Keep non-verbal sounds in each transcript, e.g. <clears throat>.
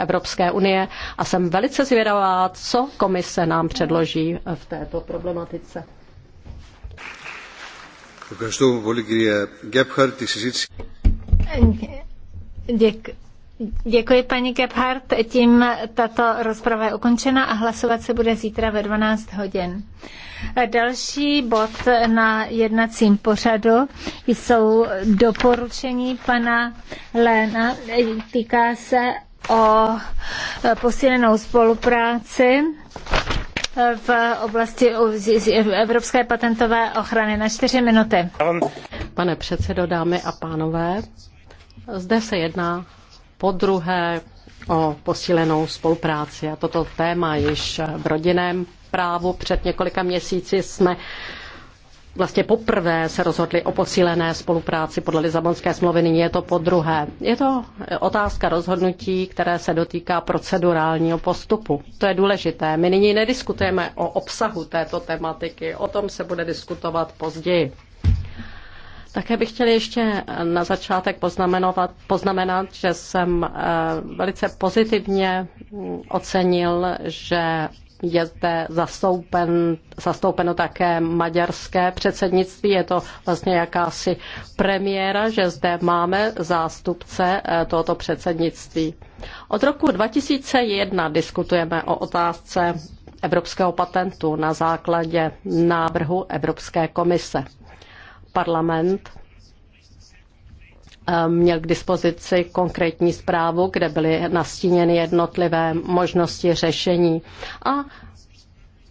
Evropské unie a jsem velice zvědavá, co komise nám předloží v této problematice. Děkuji. Děkuji paní Gebhardt. Tím tato rozprava je ukončena a hlasovat se bude zítra ve 12 hodin. Další bod na jednacím pořadu jsou doporučení pana Léna. Týká se o e, posílenou spolupráci e, v oblasti Evropské patentové ochrany na čtyři minuty. Pane předsedo, dámy a pánové, zde se jedná po druhé o posílenou spolupráci a toto téma již v rodinném právu před několika měsíci jsme vlastně poprvé se rozhodli o posílené spolupráci podle Lisabonské smlouvy, nyní je to po druhé. Je to otázka rozhodnutí, které se dotýká procedurálního postupu. To je důležité. My nyní nediskutujeme o obsahu této tematiky, o tom se bude diskutovat později. Také bych chtěl ještě na začátek poznamenovat, poznamenat, že jsem eh, velice pozitivně ocenil, že je zde zastoupen, zastoupeno také maďarské předsednictví. Je to vlastně jakási premiéra, že zde máme zástupce eh, tohoto předsednictví. Od roku 2001 diskutujeme o otázce evropského patentu na základě návrhu Evropské komise. Parlament Ehm, měl k dispozici konkrétní zprávu, kde byly nastíněny jednotlivé možnosti řešení. A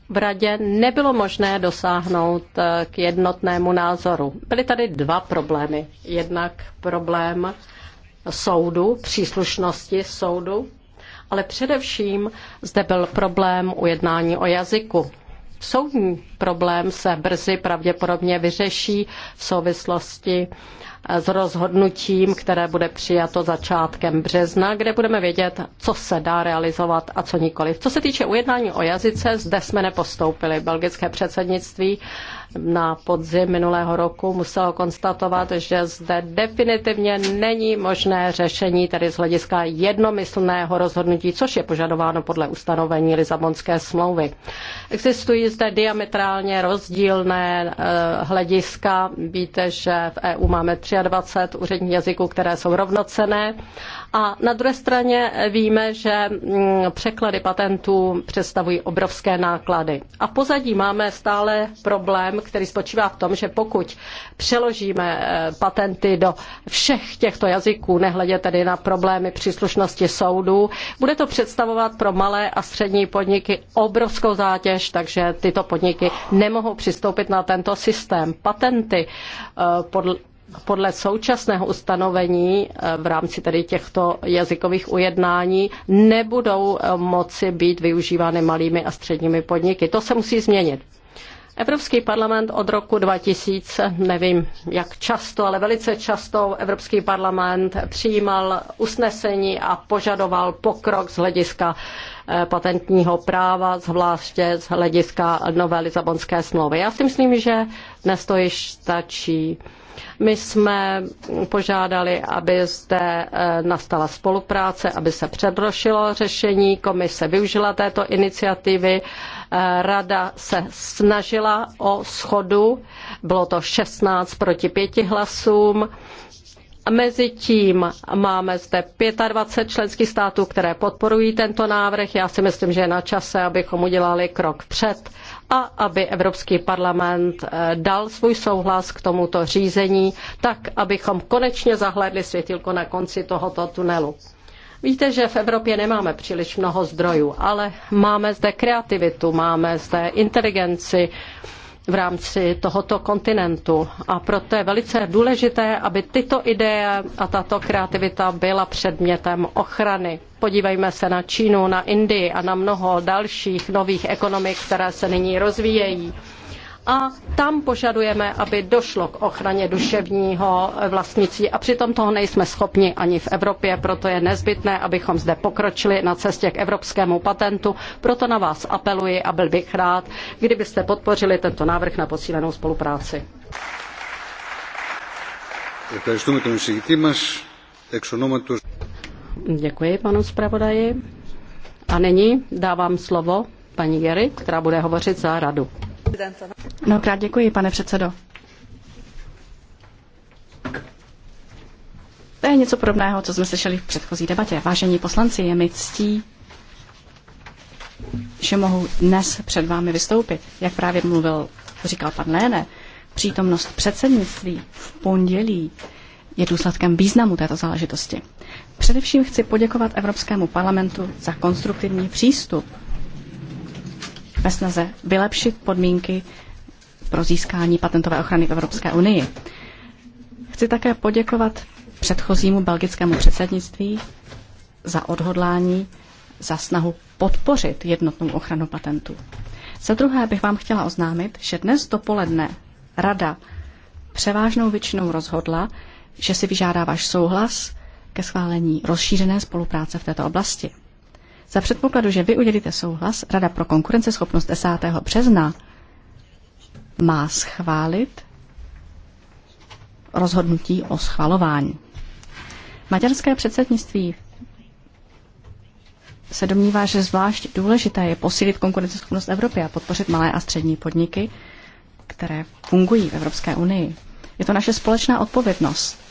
v radě nebylo možné dosáhnout eh, k jednotnému názoru. Byly tady dva problémy. Jednak problém soudu, příslušnosti soudu, ale především zde byl problém ujednání o jazyku. Soudní problém se brzy pravděpodobně vyřeší v souvislosti s rozhodnutím, které bude přijato začátkem března, kde budeme vědět, co se dá realizovat a co nikoliv. Co se týče ujednání o jazyce, zde jsme nepostoupili. Belgické předsednictví na podzim minulého roku muselo konstatovat, že zde definitivně není možné řešení, tedy z hlediska jednomyslného rozhodnutí, což je požadováno podle ustanovení Lizabonské smlouvy. Existují zde diametrálně rozdílné eh, hlediska. Víte, že v EU máme 23 úředních jazyků, které jsou rovnocené a na druhé straně víme, že mm, překlady patentů představují obrovské náklady. A v pozadí máme stále problém, který spočívá v tom, že pokud přeložíme e, patenty do všech těchto jazyků, nehledě tedy na problémy příslušnosti soudů, bude to představovat pro malé a střední podniky obrovskou zátěž, takže tyto podniky nemohou přistoupit na tento systém. Patenty e, podle podle současného ustanovení eh, v rámci tedy těchto jazykových ujednání nebudou eh, moci být využívány malými a středními podniky. To se musí změnit. Evropský parlament od roku 2000, nevím jak často, ale velice často Evropský parlament přijímal usnesení a požadoval pokrok z hlediska eh, patentního práva, zvláště z hlediska nové Lisabonské smlouvy. Já si myslím, že dnes to již stačí. My jsme požádali, aby zde eh, nastala spolupráce, aby se předrošilo řešení, komise využila této iniciativy, eh, rada se snažila o schodu, bylo to 16 proti 5 hlasům. Mezitím máme zde 25 členských států, které podporují tento návrh. Já si myslím, že je na čase, abychom udělali krok před a aby Evropský parlament eh, dal svůj souhlas k tomuto řízení, tak abychom konečně zahledli světilko na konci tohoto tunelu. Víte, že v Evropě nemáme příliš mnoho zdrojů, ale máme zde kreativitu, máme zde inteligenci, v rámci tohoto kontinentu. A proto je velice důležité, aby tyto ideje a tato kreativita byla předmětem ochrany. Podívejme se na Čínu, na Indii a na mnoho dalších nových ekonomik, které se nyní rozvíjejí a tam požadujeme, aby došlo k ochraně duševního vlastnictví a přitom toho nejsme schopni ani v Evropě, proto je nezbytné, abychom zde pokročili na cestě k evropskému patentu. Proto na vás apeluji a byl bych rád, kdybyste podpořili tento návrh na posílenou spolupráci. Děkuji panu zpravodaji. A nyní dávám slovo paní Gery, která bude hovořit za radu. Mnohokrát děkuji, pane předsedo. To je něco podobného, co jsme slyšeli v předchozí debatě. Vážení poslanci, je mi ctí, že mohu dnes před vámi vystoupit. Jak právě mluvil, říkal pan Léne, přítomnost předsednictví v pondělí je důsledkem významu této záležitosti. Především chci poděkovat Evropskému parlamentu za konstruktivní přístup ve snaze vylepšit podmínky pro získání patentové ochrany v Evropské unii. Chci také poděkovat předchozímu belgickému předsednictví za odhodlání, za snahu podpořit jednotnou ochranu patentů. Za druhé bych vám chtěla oznámit, že dnes dopoledne Rada převážnou většinou rozhodla, že si vyžádá váš souhlas ke schválení rozšířené spolupráce v této oblasti. Za předpokladu, že vy udělíte souhlas, Rada pro konkurenceschopnost 10. března má schválit rozhodnutí o schvalování. Maďarské předsednictví se domnívá, že zvlášť důležité je posílit konkurenceschopnost Evropy a podpořit malé a střední podniky, které fungují v Evropské unii. Je to naše společná odpovědnost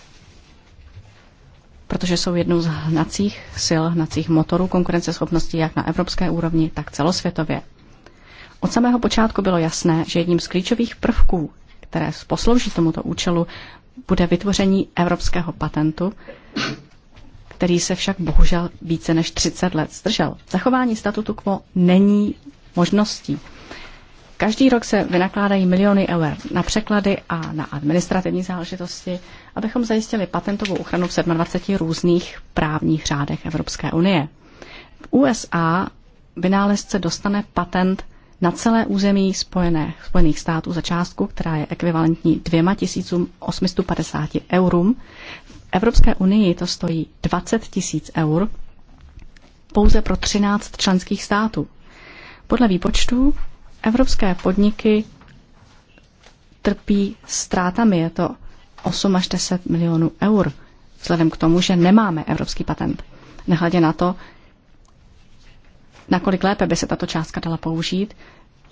protože jsou jednou z hnacích sil, hnacích motorů konkurenceschopnosti jak na evropské úrovni, tak celosvětově. Od samého počátku bylo jasné, že jedním z klíčových prvků, které poslouží tomuto účelu, bude vytvoření evropského patentu, který se však bohužel více než 30 let zdržel. Zachování statutu quo není možností. Každý rok se vynakládají miliony eur na překlady a na administrativní záležitosti, abychom zajistili patentovou ochranu v 27 různých právních řádech Evropské unie. V USA vynálezce dostane patent na celé území Spojené, Spojených států za částku, která je ekvivalentní 2850 eurům. V Evropské unii to stojí 20 tisíc eur pouze pro 13 členských států. Podle výpočtů Evropské podniky trpí ztrátami, je to 8 až 10 milionů eur, vzhledem k tomu, že nemáme evropský patent. Nehledě na to, nakolik lépe by se tato částka dala použít,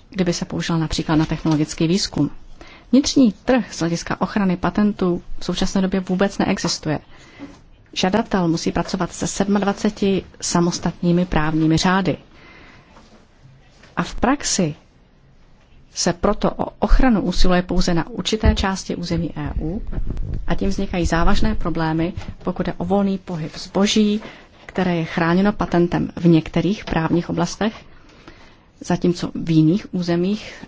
kdyby se použila například na technologický výzkum. Vnitřní trh z hlediska ochrany patentů v současné době vůbec neexistuje. Žadatel musí pracovat se 27 samostatnými právními řády. A v praxi se proto o ochranu usiluje pouze na určité části území EU a tím vznikají závažné problémy, pokud je o volný pohyb zboží, které je chráněno patentem v některých právních oblastech, zatímco v jiných územích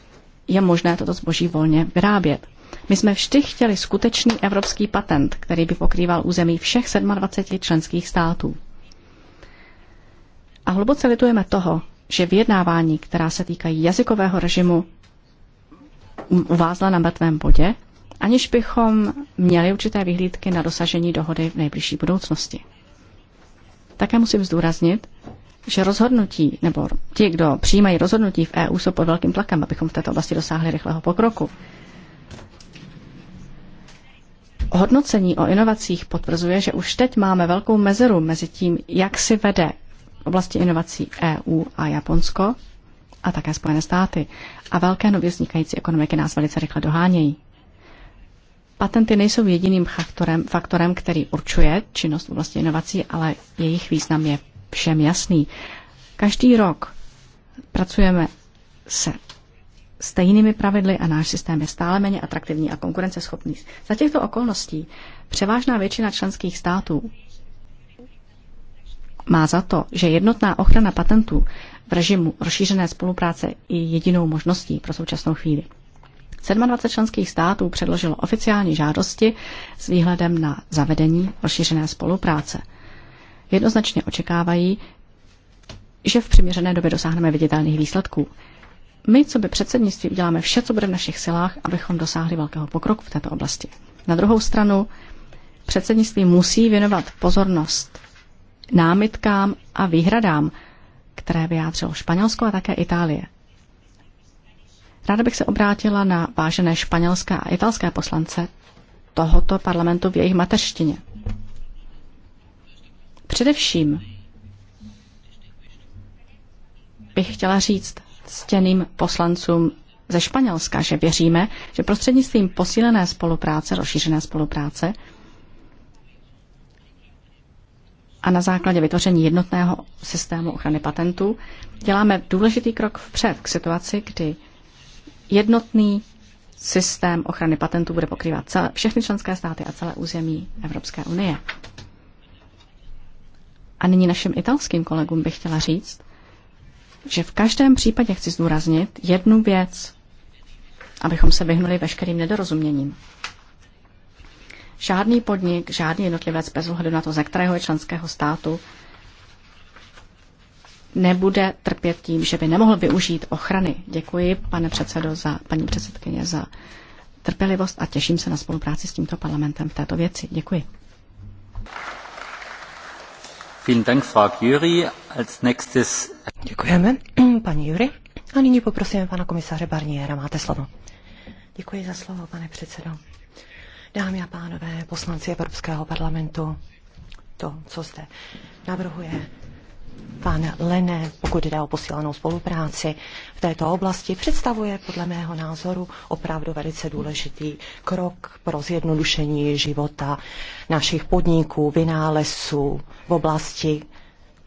je možné toto zboží volně vyrábět. My jsme vždy chtěli skutečný evropský patent, který by pokrýval území všech 27 členských států. A hluboce litujeme toho, že vyjednávání, která se týkají jazykového režimu, uvázla na mrtvém bodě, aniž bychom měli určité vyhlídky na dosažení dohody v nejbližší budoucnosti. Také musím zdůraznit, že rozhodnutí, nebo ti, kdo přijímají rozhodnutí v EU, jsou pod velkým tlakem, abychom v této oblasti dosáhli rychlého pokroku. Hodnocení o inovacích potvrzuje, že už teď máme velkou mezeru mezi tím, jak si vede v oblasti inovací EU a Japonsko a také Spojené státy. A velké nově vznikající ekonomiky nás velice rychle dohánějí. Patenty nejsou jediným faktorem, faktorem, který určuje činnost v oblasti inovací, ale jejich význam je všem jasný. Každý rok pracujeme se stejnými pravidly a náš systém je stále méně atraktivní a konkurenceschopný. Za těchto okolností převážná většina členských států má za to, že jednotná ochrana patentů v režimu rozšířené spolupráce i jedinou možností pro současnou chvíli. 27 členských států předložilo oficiální žádosti s výhledem na zavedení rozšířené spolupráce. Jednoznačně očekávají, že v přiměřené době dosáhneme viditelných výsledků. My, co by předsednictví, uděláme vše, co bude v našich silách, abychom dosáhli velkého pokroku v této oblasti. Na druhou stranu, předsednictví musí věnovat pozornost námitkám a výhradám, které vyjádřilo Španělsko a také Itálie. Ráda bych se obrátila na vážené španělské a italské poslance tohoto parlamentu v jejich mateřštině. Především bych chtěla říct ctěným poslancům ze Španělska, že věříme, že prostřednictvím posílené spolupráce, rozšířené spolupráce, a na základě vytvoření jednotného systému ochrany patentů děláme důležitý krok vpřed k situaci, kdy jednotný systém ochrany patentů bude pokrývat celé, všechny členské státy a celé území Evropské unie. A nyní našim italským kolegům bych chtěla říct, že v každém případě chci zdůraznit jednu věc, abychom se vyhnuli veškerým nedorozuměním. Žádný podnik, žádný jednotlivec bez ohledu na to, ze kterého je členského státu, nebude trpět tím, že by nemohl využít ochrany. Děkuji, pane předsedo, za, paní předsedkyně, za trpělivost a těším se na spolupráci s tímto parlamentem v této věci. Děkuji. Děkujeme, <clears throat> paní Jury. A nyní poprosíme pana komisaře Barniera. Máte slovo. Děkuji za slovo, pane předsedo. Dámy a pánové, poslanci Evropského parlamentu, to, co zde navrhuje pan Lene, pokud jde o posílenou spolupráci v této oblasti, představuje podle mého názoru opravdu velice důležitý krok pro zjednodušení života našich podniků, vynálezců v oblasti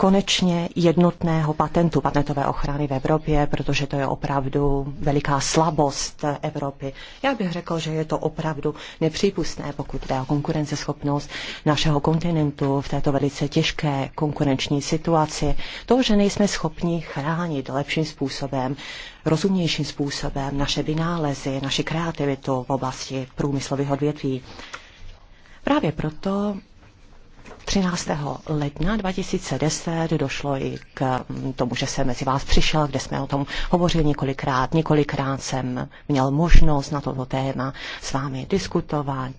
konečně jednotného patentu patentové ochrany v Evropě, protože to je opravdu veliká slabost Evropy. Já bych řekl, že je to opravdu nepřípustné, pokud jde o konkurenceschopnost našeho kontinentu v této velice těžké konkurenční situaci. To, že nejsme schopni chránit lepším způsobem rozumnějším způsobem naše vynálezy, naši kreativitu v oblasti průmyslových odvětví. Právě proto 13. ledna 2010 došlo i k mm, tomu, že jsem mezi vás přišel, kde jsme o tom hovořili několikrát. Několikrát jsem měl možnost na toto téma s vámi diskutovat.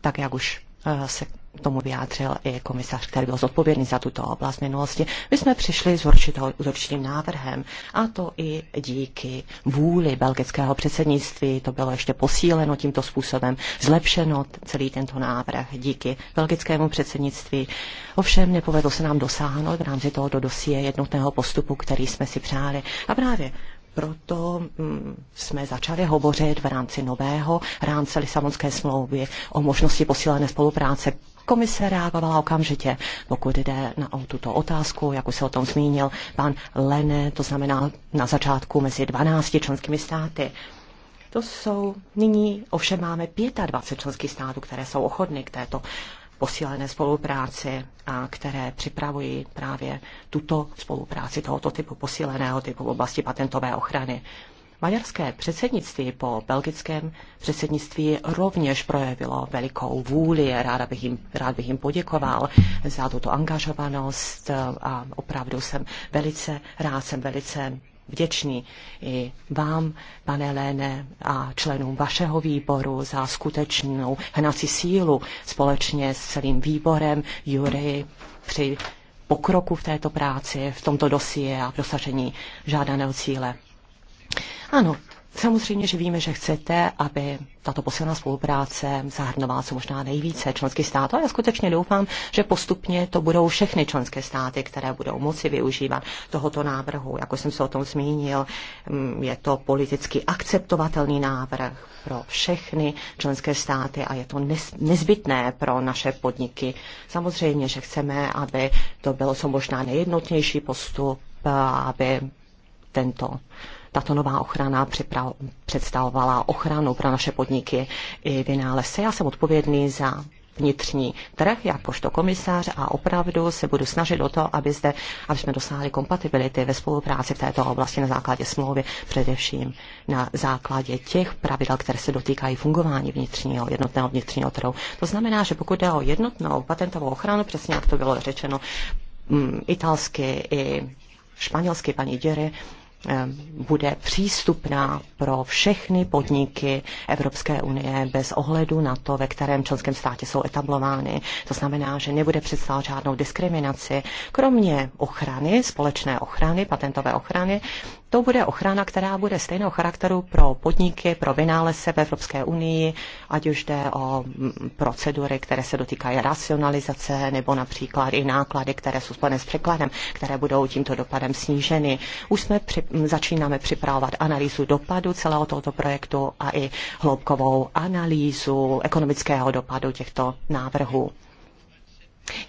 Tak jak už eh, se tomu vyjádřil i komisař, který byl zodpovědný za tuto oblast minulosti. My jsme přišli s, určitou, s určitým návrhem a to i díky vůli belgického předsednictví. To bylo ještě posíleno tímto způsobem, zlepšeno celý tento návrh díky belgickému předsednictví. Ovšem nepovedlo se nám dosáhnout v rámci tohoto dosie jednotného postupu, který jsme si přáli. A právě proto mm, jsme začali hovořit v rámci nového rámce Lisabonské smlouvy o možnosti posílené spolupráce. Komise reagovala okamžitě, pokud jde na o tuto otázku, jak už se o tom zmínil pan Lene, to znamená na začátku mezi 12 členskými státy. To jsou, nyní ovšem máme 25 členských států, které jsou ochotny k této posílené spolupráci, a které připravují právě tuto spolupráci tohoto typu posíleného typu v oblasti patentové ochrany. Maďarské předsednictví po belgickém předsednictví rovněž projevilo velikou vůli. Ráda bych jim, rád bych jim poděkoval za tuto angažovanost a opravdu jsem velice rád, jsem velice vděčný i vám, pane Léne, a členům vašeho výboru za skutečnou hnací sílu společně s celým výborem Jury při pokroku v této práci, v tomto dosie a v dosažení žádaného cíle. Ano, Samozřejmě, že víme, že chcete, aby tato posilná spolupráce zahrnovala co možná nejvíce členských států a já skutečně doufám, že postupně to budou všechny členské státy, které budou moci využívat tohoto návrhu. Jako jsem se o tom zmínil, mm, je to politicky akceptovatelný návrh pro všechny členské státy a je to nezbytné pro naše podniky. Samozřejmě, že chceme, aby to bylo co možná nejjednotnější postup, aby tento tato nová ochrana představovala ochranu pro naše podniky i vynálezce. Já jsem odpovědný za vnitřní trh jakožto komisař a opravdu se budu snažit o to, aby, zde, aby jsme dosáhli kompatibility ve spolupráci v této oblasti na základě smlouvy, především na základě těch pravidel, které se dotýkají fungování vnitřního, jednotného vnitřního trhu. To znamená, že pokud jde o jednotnou patentovou ochranu, přesně jak to bylo řečeno, mm, italsky i španělsky paní Děry, Eh, bude přístupná pro všechny podniky Evropské unie bez ohledu na to, ve kterém členském státě jsou etablovány. To znamená, že nebude představovat žádnou diskriminaci, kromě ochrany, společné ochrany, patentové ochrany, to bude ochrana, která bude stejného charakteru pro podniky, pro vynálezce v Evropské unii, ať už jde o mm, procedury, které se dotýkají racionalizace, nebo například i náklady, které jsou spojené s překladem, které budou tímto dopadem sníženy. Už jsme při, mm, začínáme připravovat analýzu dopadu celého tohoto projektu a i hloubkovou analýzu ekonomického dopadu těchto návrhů.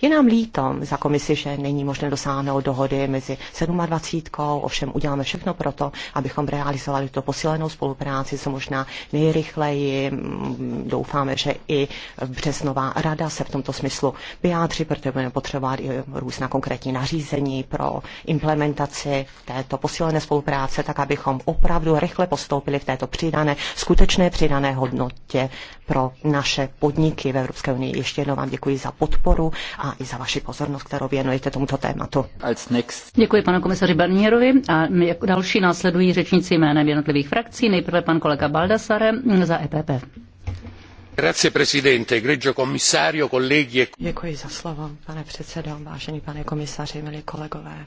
Je nám líto za komisi, že není možné dosáhnout dohody mezi 27. Ovšem uděláme všechno pro to, abychom realizovali to posílenou spolupráci, co možná nejrychleji. Mm, doufáme, že i březnová rada se v tomto smyslu vyjádří, protože budeme potřebovat i různá konkrétní nařízení pro implementaci této posílené spolupráce, tak abychom opravdu rychle postoupili v této přidané, skutečné přidané hodnotě pro naše podniky v Evropské unii. Ještě jednou vám děkuji za podporu a i za vaši pozornost, kterou věnujete tomuto tématu. Děkuji panu komisaři Barnierovi a jako další následují řečníci jménem jednotlivých frakcí. Nejprve pan kolega Baldassare za EPP. Grazie presidente, egregio commissario, colleghi e... Děkuji za slovo, pane předsedo, vážený pane komisaři, milí kolegové.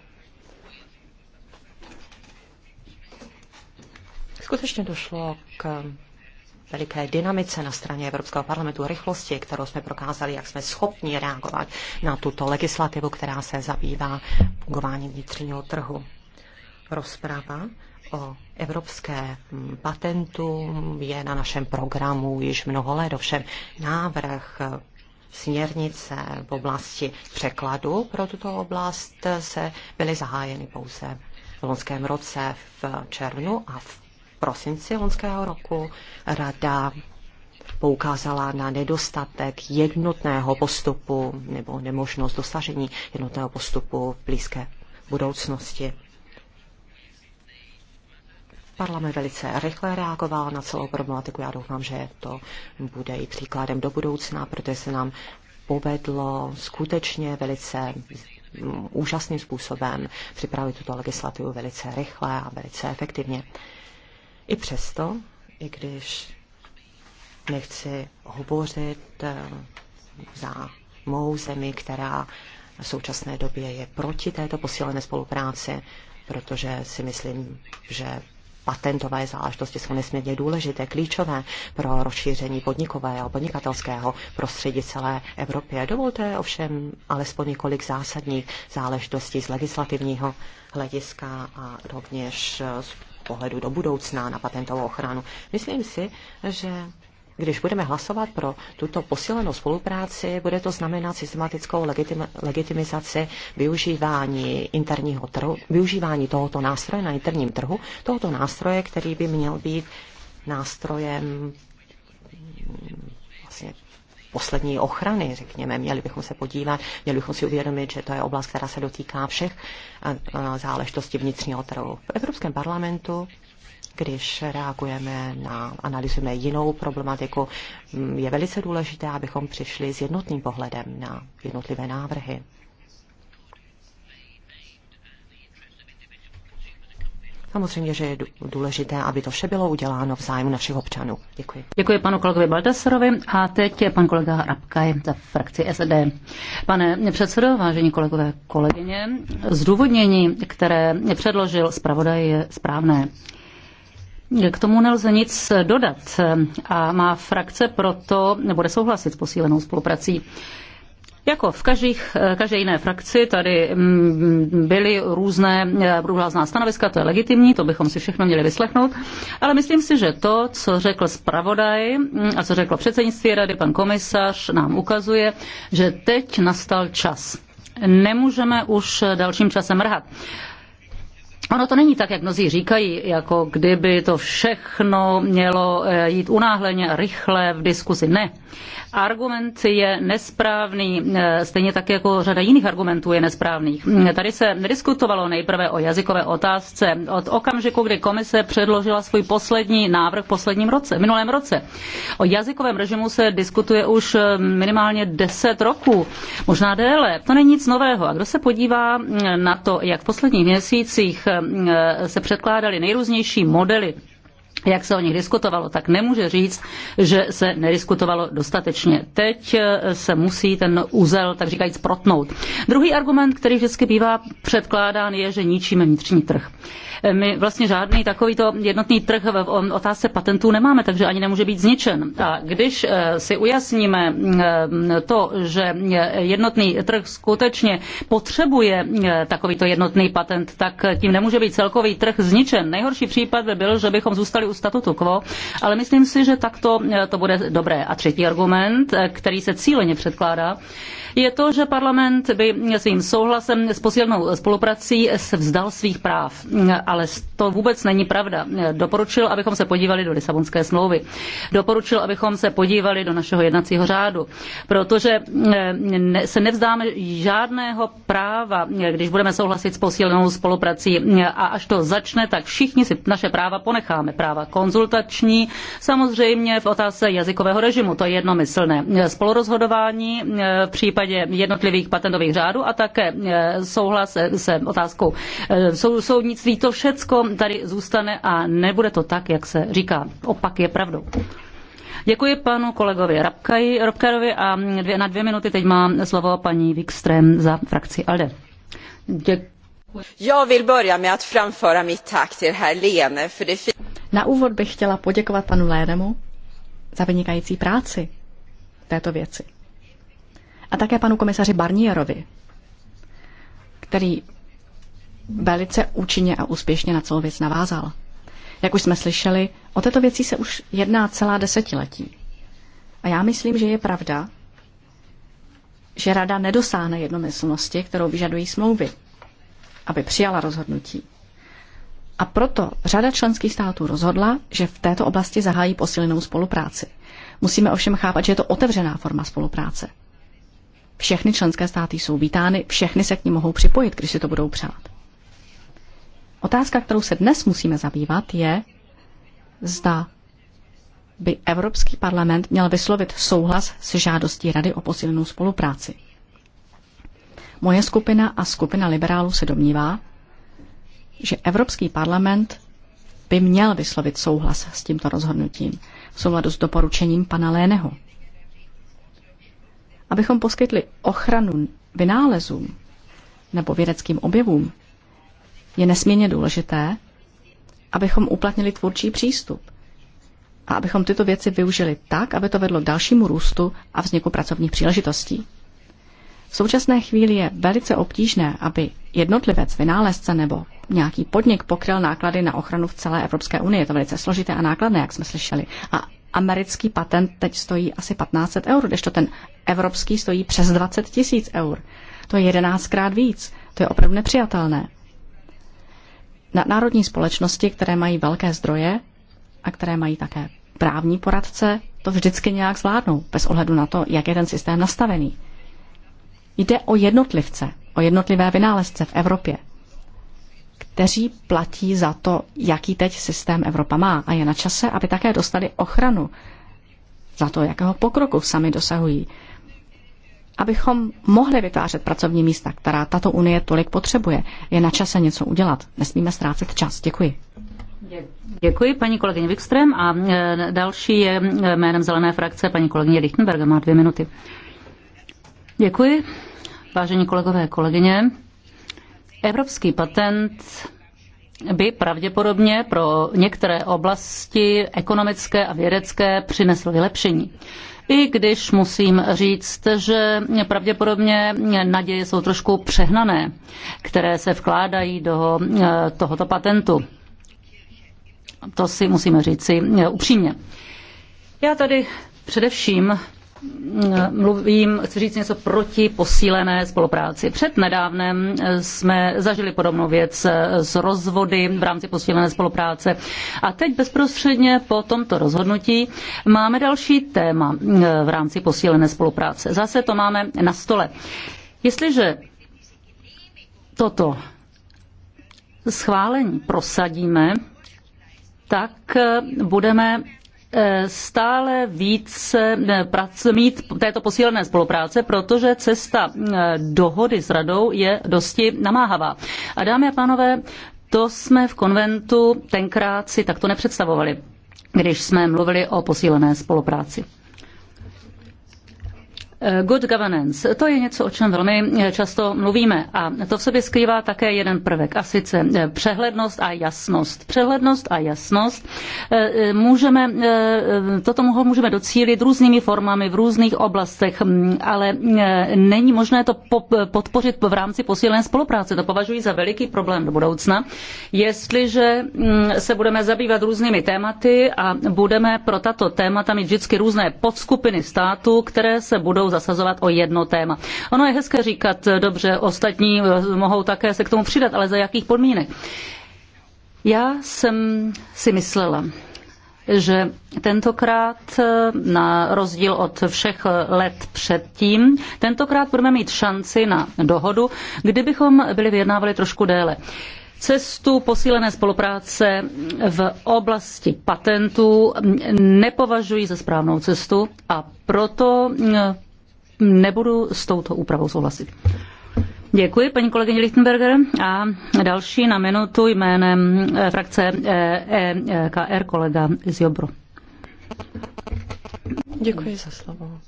Skutečně došlo k veliké dynamice na straně Evropského parlamentu, rychlosti, kterou jsme prokázali, jak jsme schopni reagovat na tuto legislativu, která se zabývá fungováním vnitřního trhu. Rozprava o evropské mm, patentu je na našem programu již mnoho let, ovšem návrh eh, směrnice v oblasti překladu pro tuto oblast se byly zahájeny pouze v loňském roce v červnu a v prosinci loňského roku rada poukázala na nedostatek jednotného postupu nebo nemožnost dosažení jednotného postupu v blízké budoucnosti. Parlament velice rychle reagoval na celou problematiku. Já doufám, že to bude i příkladem do budoucna, protože se nám povedlo skutečně velice úžasným způsobem připravit tuto legislativu velice rychle a velice efektivně. I přesto, i když nechci hovořit eh, za mou zemi, která v současné době je proti této posílené spolupráci, protože si myslím, že patentové záležitosti jsou nesmírně důležité, klíčové pro rozšíření podnikového a podnikatelského prostředí celé Evropy. Dovolte ovšem alespoň několik zásadních záležitostí z legislativního hlediska a rovněž z pohledu do budoucna na patentovou ochranu. Myslím si, že když budeme hlasovat pro tuto posílenou spolupráci, bude to znamenat systematickou legitim, legitimizaci využívání interního trhu, využívání tohoto nástroje na interním trhu, tohoto nástroje, který by měl být nástrojem mm, vlastně poslední ochrany, řekněme. Měli bychom se podívat, měli bychom si uvědomit, že to je oblast, která se dotýká všech eh, eh, záležitostí vnitřního trhu. V Evropském parlamentu když reagujeme na, analyzujeme jinou problematiku, mm, je velice důležité, abychom přišli s jednotným pohledem na jednotlivé návrhy. Samozřejmě, že je důležité, aby to vše bylo uděláno v zájmu našich občanů. Děkuji. Děkuji panu kolegovi Baldasarovi a teď je pan kolega Rabkaj za frakci SD. Pane předsedo, vážení kolegové, kolegyně, zdůvodnění, které předložil zpravodaj, je správné. K tomu nelze nic dodat a má frakce proto nebude souhlasit s posílenou spoluprací. Jako v každých, eh, každé jiné frakci tady mm, mm, byly různé eh, různá stanoviska, to je legitimní, to bychom si všechno měli vyslechnout, ale myslím si, že to, co řekl zpravodaj mm, a co řeklo předsednictví rady, pan komisař, nám ukazuje, že teď nastal čas. Nemůžeme už dalším časem mrhat. Ono to není tak, jak mnozí říkají, jako kdyby to všechno mělo eh, jít unáhleně a rychle v diskuzi, Ne argument je nesprávný, e, stejně tak jako řada jiných argumentů je nesprávných. E, tady se nediskutovalo nejprve o jazykové otázce od okamžiku, kdy komise předložila svůj poslední návrh v posledním roce, minulém roce. O jazykovém režimu se diskutuje už e, minimálně 10 roků, možná déle. To není nic nového. A kdo se podívá na to, jak v posledních měsících se předkládaly nejrůznější modely jak se o nich diskutovalo, tak nemůže říct, že se nediskutovalo dostatečně. Teď eh, se musí ten úzel, tak říkajíc, protnout. Druhý argument, který vždycky bývá předkládán, je, že ničíme vnitřní trh. Eh, my vlastně žádný takovýto jednotný trh v otázce patentů nemáme, takže ani nemůže být zničen. A když eh, si ujasníme mm, to, že jednotný trh skutečně potřebuje takovýto jednotný patent, tak tím nemůže být celkový trh zničen. Nejhorší případ by byl, že bychom zůstali u statutu quo, ale myslím si, že takto eh, to bude dobré. A třetí argument, eh, který se cíleně předkládá, je to, že parlament by svým souhlasem s posílenou spoluprací se vzdal svých práv. Ale to vůbec není pravda. Doporučil, abychom se podívali do Lisabonské smlouvy. Doporučil, abychom se podívali do našeho jednacího řádu. Protože eh, se nevzdáme žádného práva, když budeme souhlasit s posílenou spoluprací. A až to začne, tak všichni si naše práva ponecháme. Práva konzultační, samozřejmě v otázce jazykového režimu, to je jednomyslné. Spolurozhodování eh, v případě případě jednotlivých patentových řádů a také e, souhlas e, se otázkou e, soudnictví. To všecko tady zůstane a nebude to tak, jak se říká. Opak je pravdou. Děkuji panu kolegovi Rabkaj, Robkarovi a dvě, na dvě minuty teď má slovo paní Wikström za frakci ALDE. Děkuji. Na úvod bych chtěla poděkovat panu Lénemu za vynikající práci této věci a také panu komisaři Barnierovi, který velice účinně a úspěšně na celou věc navázal. Jak už jsme slyšeli, o této věci se už jedná celá desetiletí. A já myslím, že je pravda, že rada nedosáhne jednomyslnosti, kterou vyžadují smlouvy, aby přijala rozhodnutí. A proto řada členských států rozhodla, že v této oblasti zahájí posílenou spolupráci. Musíme ovšem chápat, že je to otevřená forma spolupráce. Všechny členské státy jsou vítány, všechny se k ní mohou připojit, když si to budou přát. Otázka, kterou se dnes musíme zabývat, je, zda by Evropský parlament měl vyslovit souhlas s žádostí Rady o posílenou spolupráci. Moje skupina a skupina liberálů se domnívá, že Evropský parlament by měl vyslovit souhlas s tímto rozhodnutím v souladu s doporučením pana Léneho abychom poskytli ochranu vynálezům nebo vědeckým objevům, je nesmírně důležité, abychom uplatnili tvůrčí přístup a abychom tyto věci využili tak, aby to vedlo k dalšímu růstu a vzniku pracovních příležitostí. V současné chvíli je velice obtížné, aby jednotlivec, vynálezce nebo nějaký podnik pokryl náklady na ochranu v celé Evropské unii. Je to velice složité a nákladné, jak jsme slyšeli. A americký patent teď stojí asi 1500 eur, když to ten evropský stojí přes 20 tisíc eur. To je jedenáctkrát víc. To je opravdu nepřijatelné. Nadnárodní společnosti, které mají velké zdroje a které mají také právní poradce, to vždycky nějak zvládnou, bez ohledu na to, jak je ten systém nastavený. Jde o jednotlivce, o jednotlivé vynálezce v Evropě kteří platí za to, jaký teď systém Evropa má. A je na čase, aby také dostali ochranu za to, jakého pokroku sami dosahují. Abychom mohli vytvářet pracovní místa, která tato unie tolik potřebuje, je na čase něco udělat. Nesmíme ztrácet čas. Děkuji. Děkuji paní kolegyně Wikström a e, další je e, jménem Zelené frakce paní kolegyně Lichtenberga. Má dvě minuty. Děkuji. Vážení kolegové, kolegyně, Evropský patent by pravděpodobně pro některé oblasti ekonomické a vědecké přinesl vylepšení. I když musím říct, že pravděpodobně naděje jsou trošku přehnané, které se vkládají do eh, tohoto patentu. To si musíme říci eh, upřímně. Já tady především Mm, mluvím, chci říct něco proti posílené spolupráci. Před nedávnem eh, jsme zažili podobnou věc eh, s rozvody v rámci posílené spolupráce. A teď bezprostředně po tomto rozhodnutí máme další téma mm, eh, v rámci posílené spolupráce. Zase to máme na stole. Jestliže toto schválení prosadíme, tak budeme Eh, stále více eh, mít této posílené spolupráce, protože cesta eh, dohody s radou je dosti namáhavá. A dámy a pánové, to jsme v konventu tenkrát si takto nepředstavovali, když jsme mluvili o posílené spolupráci. Eh, good governance, to je něco, o čem velmi eh, často mluvíme a to v sobě skrývá také jeden prvek a sice eh, přehlednost a jasnost. Přehlednost a jasnost můžeme, toto mohou můžeme docílit různými formami v různých oblastech, mm, ale není možné to podpořit v rámci posílené spolupráce. To považuji za veliký problém do budoucna, jestliže mm, se budeme zabývat různými tématy a budeme pro tato témata mít vždycky různé podskupiny států, které se budou budou zasazovat o jedno téma. Ono je hezké říkat, eh, dobře, ostatní eh, mohou také se k tomu přidat, ale za jakých podmínek? Já jsem si myslela, že tentokrát, eh, na rozdíl od všech let předtím, tentokrát budeme mít šanci na dohodu, kdybychom byli vyjednávali trošku déle cestu posílené spolupráce v oblasti patentů nepovažuji za správnou cestu a proto nebudu s touto úpravou souhlasit. Děkuji paní kolegyně Lichtenberger a další na minutu jménem eh, frakce EKR eh, e kolega z Jobro. Děkuji za slovo.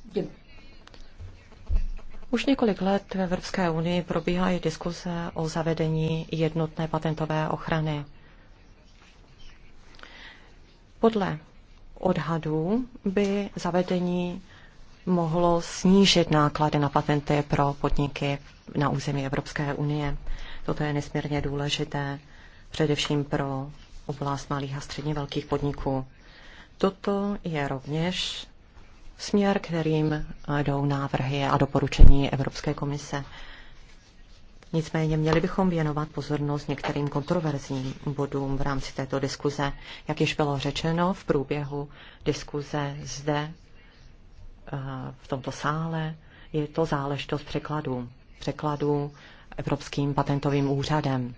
Už několik let v Evropské unii probíhají diskuse o zavedení jednotné patentové ochrany. Podle odhadů by zavedení mohlo snížit náklady na patenty pro podniky na území Evropské unie. Toto je nesmírně důležité, především pro oblast malých a středně velkých podniků. Toto je rovněž směr, kterým jdou návrhy a doporučení Evropské komise. Nicméně měli bychom věnovat pozornost některým kontroverzním bodům v rámci této diskuze. Jak již bylo řečeno v průběhu diskuze zde Eh, v tomto sále, je to záležitost překladu. Překladu Evropským patentovým úřadem,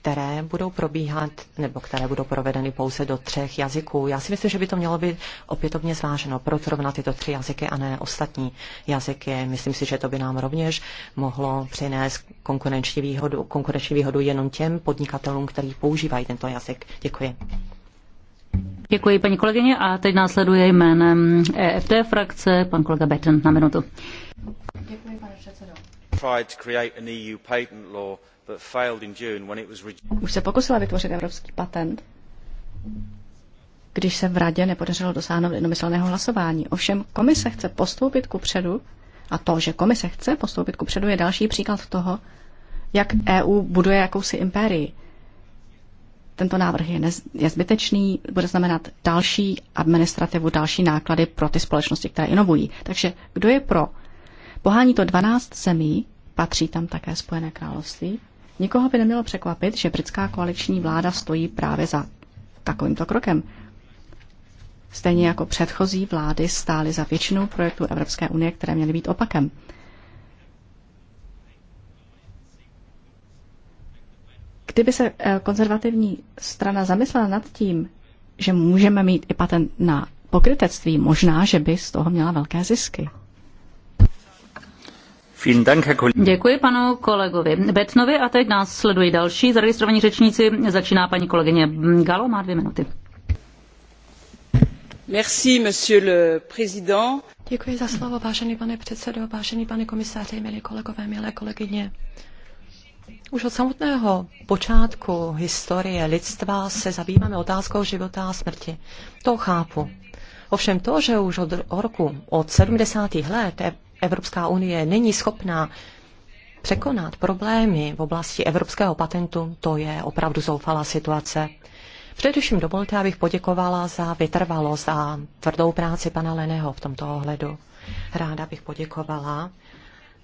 které budou probíhat, nebo které budou provedeny pouze do třech jazyků. Já si myslím, že by to mělo být opětovně zváženo. Proč rovna tyto tři jazyky a ne ostatní jazyky? Myslím si, že to by nám rovněž mohlo přinést konkurenční výhodu, konkurenční výhodu jenom těm podnikatelům, kteří používají tento jazyk. Děkuji. Děkuji paní kolegyně a teď následuje jménem EFT frakce pan kolega Betten na minutu. Děkuji, pane předsedo. E Už se pokusila vytvořit evropský patent, když se v radě nepodařilo dosáhnout jednomyslného hlasování. Ovšem komise chce postoupit ku předu a to, že komise chce postoupit ku předu, je další příklad toho, jak EU buduje jakousi impérii. Tento návrh je, nez, je zbytečný, bude znamenat další administrativu, další náklady pro ty společnosti, které inovují. Takže kdo je pro? Pohání to 12 zemí, patří tam také Spojené království. Nikoho by nemělo překvapit, že britská koaliční vláda stojí právě za takovýmto krokem. Stejně jako předchozí vlády stály za většinou projektů Evropské unie, které měly být opakem. Kdyby se eh, konzervativní strana zamyslela nad tím, že můžeme mít i patent na pokrytectví, možná, že by z toho měla velké zisky. Děkuji panu kolegovi Betnovi a teď nás sledují další zaregistrovaní řečníci. Začíná paní kolegyně Galo, má dvě minuty. Merci, monsieur le président. Děkuji za slovo, vážený pane předsedo, vážený pane komisáři, milí kolegové, milé kolegyně. Už od samotného počátku historie lidstva se zabýváme otázkou života a smrti. To chápu. Ovšem to, že už od roku, od 70. let e- Evropská unie není schopná překonat problémy v oblasti evropského patentu, to je opravdu zoufalá situace. Především dovolte, abych poděkovala za vytrvalost a tvrdou práci pana Leného v tomto ohledu. Ráda bych poděkovala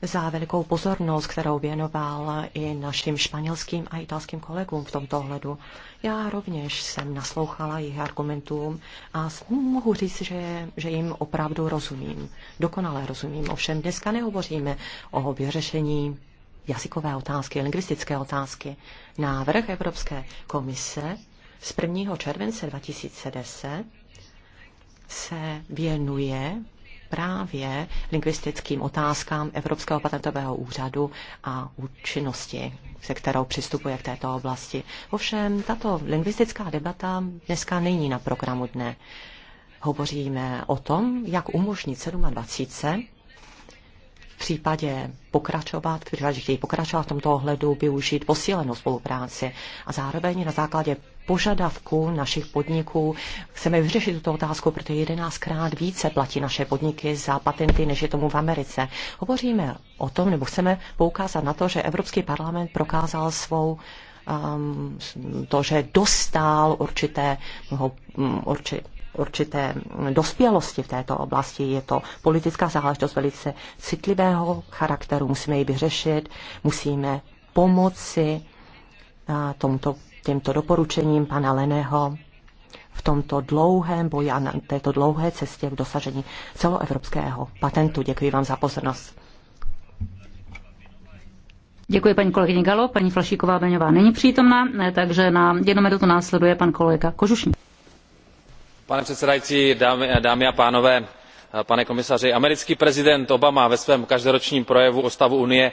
za velikou pozornost, kterou věnoval i našim španělským a italským kolegům v tomto ohledu. Já rovněž jsem naslouchala jejich argumentům a mohu říct, že, že jim opravdu rozumím. Dokonale rozumím. Ovšem dneska nehovoříme o vyřešení jazykové otázky, lingvistické otázky. Návrh Evropské komise z 1. července 2010 se věnuje právě lingvistickým otázkám Evropského patentového úřadu a účinnosti, se kterou přistupuje k této oblasti. Ovšem, tato lingvistická debata dneska není na programu dne. Hovoříme o tom, jak umožnit 27 v případě pokračovat, v případě, že chtějí pokračovat v tomto ohledu, využít posílenou spolupráci a zároveň na základě požadavků našich podniků. Chceme vyřešit tuto otázku, protože jedenáctkrát více platí naše podniky za patenty, než je tomu v Americe. Hovoříme o tom, nebo chceme poukázat na to, že Evropský parlament prokázal svou um, to, že dostal určité, no, um, určité určité dospělosti v této oblasti. Je to politická záležitost velice citlivého charakteru, musíme ji vyřešit, musíme pomoci uh, tomuto těmto doporučením pana Leného v tomto dlouhém boji a na této dlouhé cestě v dosažení celoevropského patentu. Děkuji vám za pozornost. Děkuji paní kolegyně Galo. Paní Flašíková Beňová není přítomná, ne, takže na jednom minutu následuje pan kolega Kožušník. Pane předsedající, dámy, dámy a pánové, pane komisaři, americký prezident Obama ve svém každoročním projevu o stavu Unie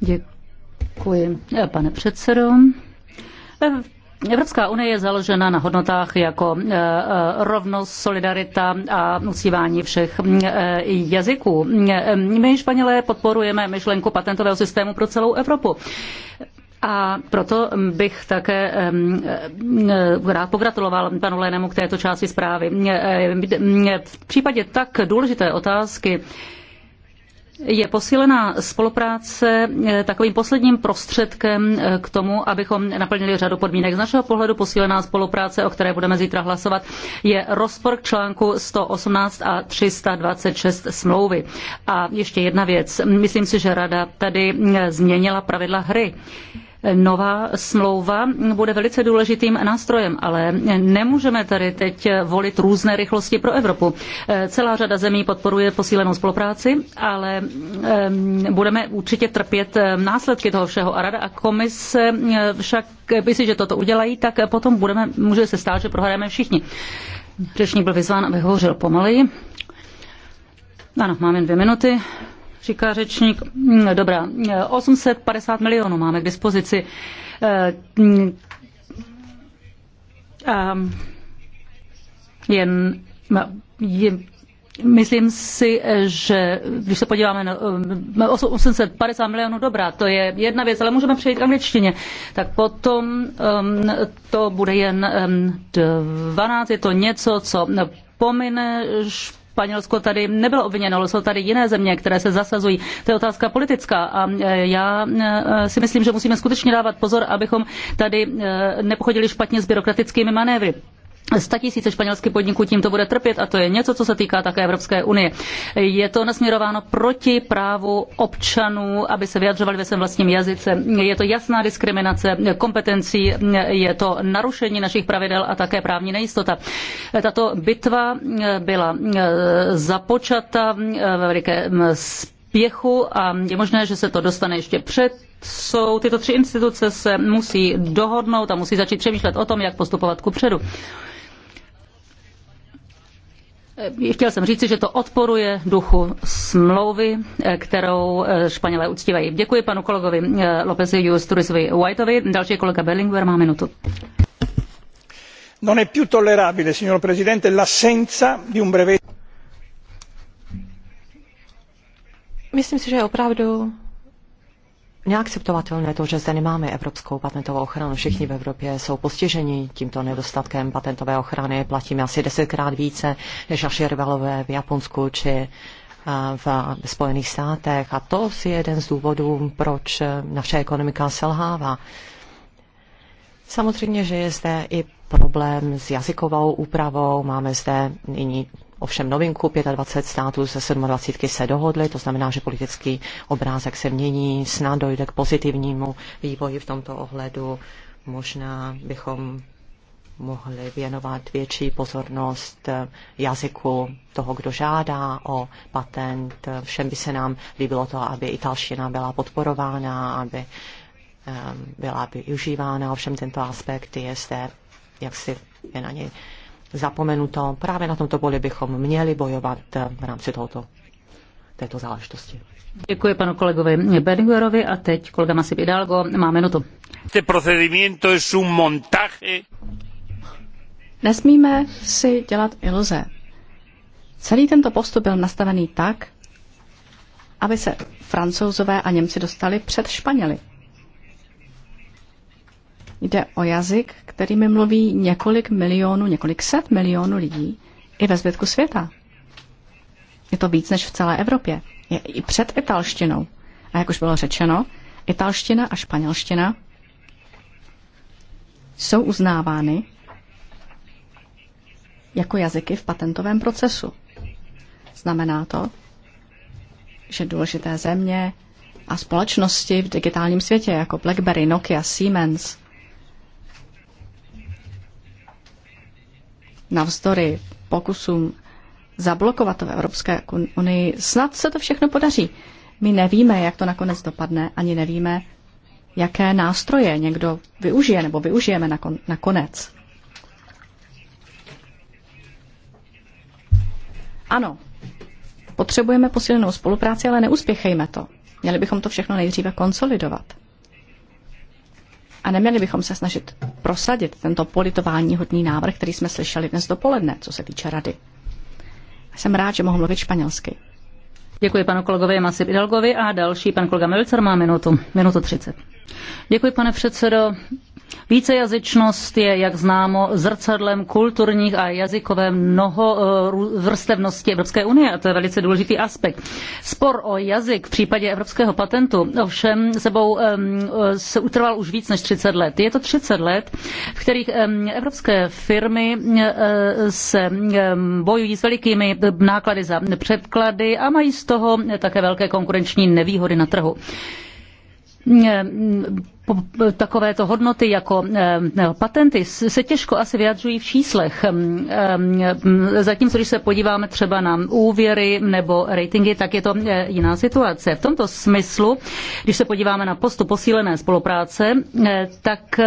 Děkuji, pane předsedo. Evropská unie je založena na hodnotách jako eh, eh, rovnost, solidarita a uctívání všech eh, jazyků. My, Španělé, podporujeme myšlenku patentového systému pro celou Evropu. A proto bych také rád pogratuloval panu Lénemu k této části zprávy. V případě tak důležité otázky je posílená spolupráce eh, takovým posledním prostředkem eh, k tomu, abychom naplnili řadu podmínek. Z našeho pohledu posílená spolupráce, o které budeme zítra hlasovat, je rozpor k článku 118 a 326 smlouvy. A ještě jedna věc. Myslím si, že Rada tady eh, změnila pravidla hry nová smlouva bude velice důležitým nástrojem, ale nemůžeme tady teď volit různé rychlosti pro Evropu. Celá řada zemí podporuje posílenou spolupráci, ale budeme určitě trpět následky toho všeho. A rada a komise však, že toto udělají, tak potom budeme, může se stát, že prohrajeme všichni. Řečník byl vyzván, aby hovořil pomaleji. Ano, máme dvě minuty říká řečník. Mm, dobrá, 850 eh, milionů máme k dispozici. Eh, ehm, jen Myslím si, že když se podíváme na 850 ehm, milionů dobrá, to je jedna věc, ale můžeme přejít k angličtině, tak potom um, to bude jen um, 12, je to něco, co pomine Španělsko tady nebylo obviněno, ale jsou tady jiné země, které se zasazují. To je otázka politická a e, já e, si myslím, že musíme skutečně dávat pozor, abychom tady e, nepochodili špatně s byrokratickými manévry. Statisíce španělských podniků tímto bude trpět a to je něco, co se týká také Evropské unie. Je to nasměrováno proti právu občanů, aby se vyjadřovali ve svém vlastním jazyce. Je to jasná diskriminace kompetencí, je to narušení našich pravidel a také právní nejistota. Tato bitva byla eh, započata eh, ve velikém hm, spěchu a je možné, že se to dostane ještě před jsou, tyto tři instituce se musí dohodnout a musí začít přemýšlet o tom, jak postupovat kupředu. Chtěl jsem říci, že to odporuje duchu smlouvy, kterou eh, Španělé uctívají. Děkuji panu kolegovi eh, Lopezi Justurisovi Whiteovi. Další kolega Bellinger má minutu. Non è più tollerabile, signor Presidente, l'assenza di un brevetto. Myslím si, že je opravdu neakceptovatelné to, že zde nemáme evropskou patentovou ochranu. Všichni v Evropě jsou postiženi tímto nedostatkem patentové ochrany. Platíme asi desetkrát více než naši rivalové v Japonsku či v Spojených státech. A to je jeden z důvodů, proč naše ekonomika selhává. Samozřejmě, že je zde i problém s jazykovou úpravou. Máme zde nyní Ovšem novinku 25 států ze 27 se dohodly, to znamená, že politický obrázek se mění, snad dojde k pozitivnímu vývoji v tomto ohledu. Možná bychom mohli věnovat větší pozornost eh, jazyku toho, kdo žádá o patent. Všem by se nám líbilo to, aby italština byla podporována, aby eh, byla využívána. Ovšem tento aspekt je zde, jak si je na něj zapomenuto. Právě na tomto poli bychom měli bojovat eh, v rámci tohoto, této záležitosti. Děkuji panu kolegovi Berngerovi a teď kolega Masip Hidalgo má minutu. Este procedimiento es un montaje. Nesmíme si dělat iluze. Celý tento postup byl nastavený tak, aby se francouzové a Němci dostali před Španěly. Jde o jazyk, kterými mluví několik milionů, několik set milionů lidí i ve zbytku světa. Je to víc než v celé Evropě. Je i před italštinou. A jak už bylo řečeno, italština a španělština jsou uznávány jako jazyky v patentovém procesu. Znamená to, že důležité země a společnosti v digitálním světě jako BlackBerry, Nokia, Siemens – navzdory pokusům zablokovat to v Evropské unii, snad se to všechno podaří. My nevíme, jak to nakonec dopadne, ani nevíme, jaké nástroje někdo využije nebo využijeme nakonec. Ano, potřebujeme posílenou spolupráci, ale neuspěchejme to. Měli bychom to všechno nejdříve konsolidovat. A neměli bychom se snažit prosadit tento politování hodný návrh, který jsme slyšeli dnes dopoledne, co se týče rady. Jsem rád, že mohu mluvit španělsky. Děkuji panu kolegovi Masip Idalgovi a další pan kolega Melcer má minutu, minutu 30. Děkuji, pane předsedo. Vícejazyčnost je, jak známo, zrcadlem kulturních a jazykové mnoho eh, vrstevnosti Evropské unie a to je velice důležitý aspekt. Spor o jazyk v případě evropského patentu ovšem sebou eh, se utrval už víc než 30 let. Je to 30 let, v kterých evropské firmy eh, se bojují s velikými náklady za předklady a mají z toho také velké konkurenční nevýhody na trhu takovéto hodnoty jako eh, patenty se těžko asi vyjadřují v číslech. Ehm, ehm, zatímco, když se podíváme třeba na úvěry nebo ratingy, tak je to eh, jiná situace. V tomto smyslu, když se podíváme na postup posílené spolupráce, eh, tak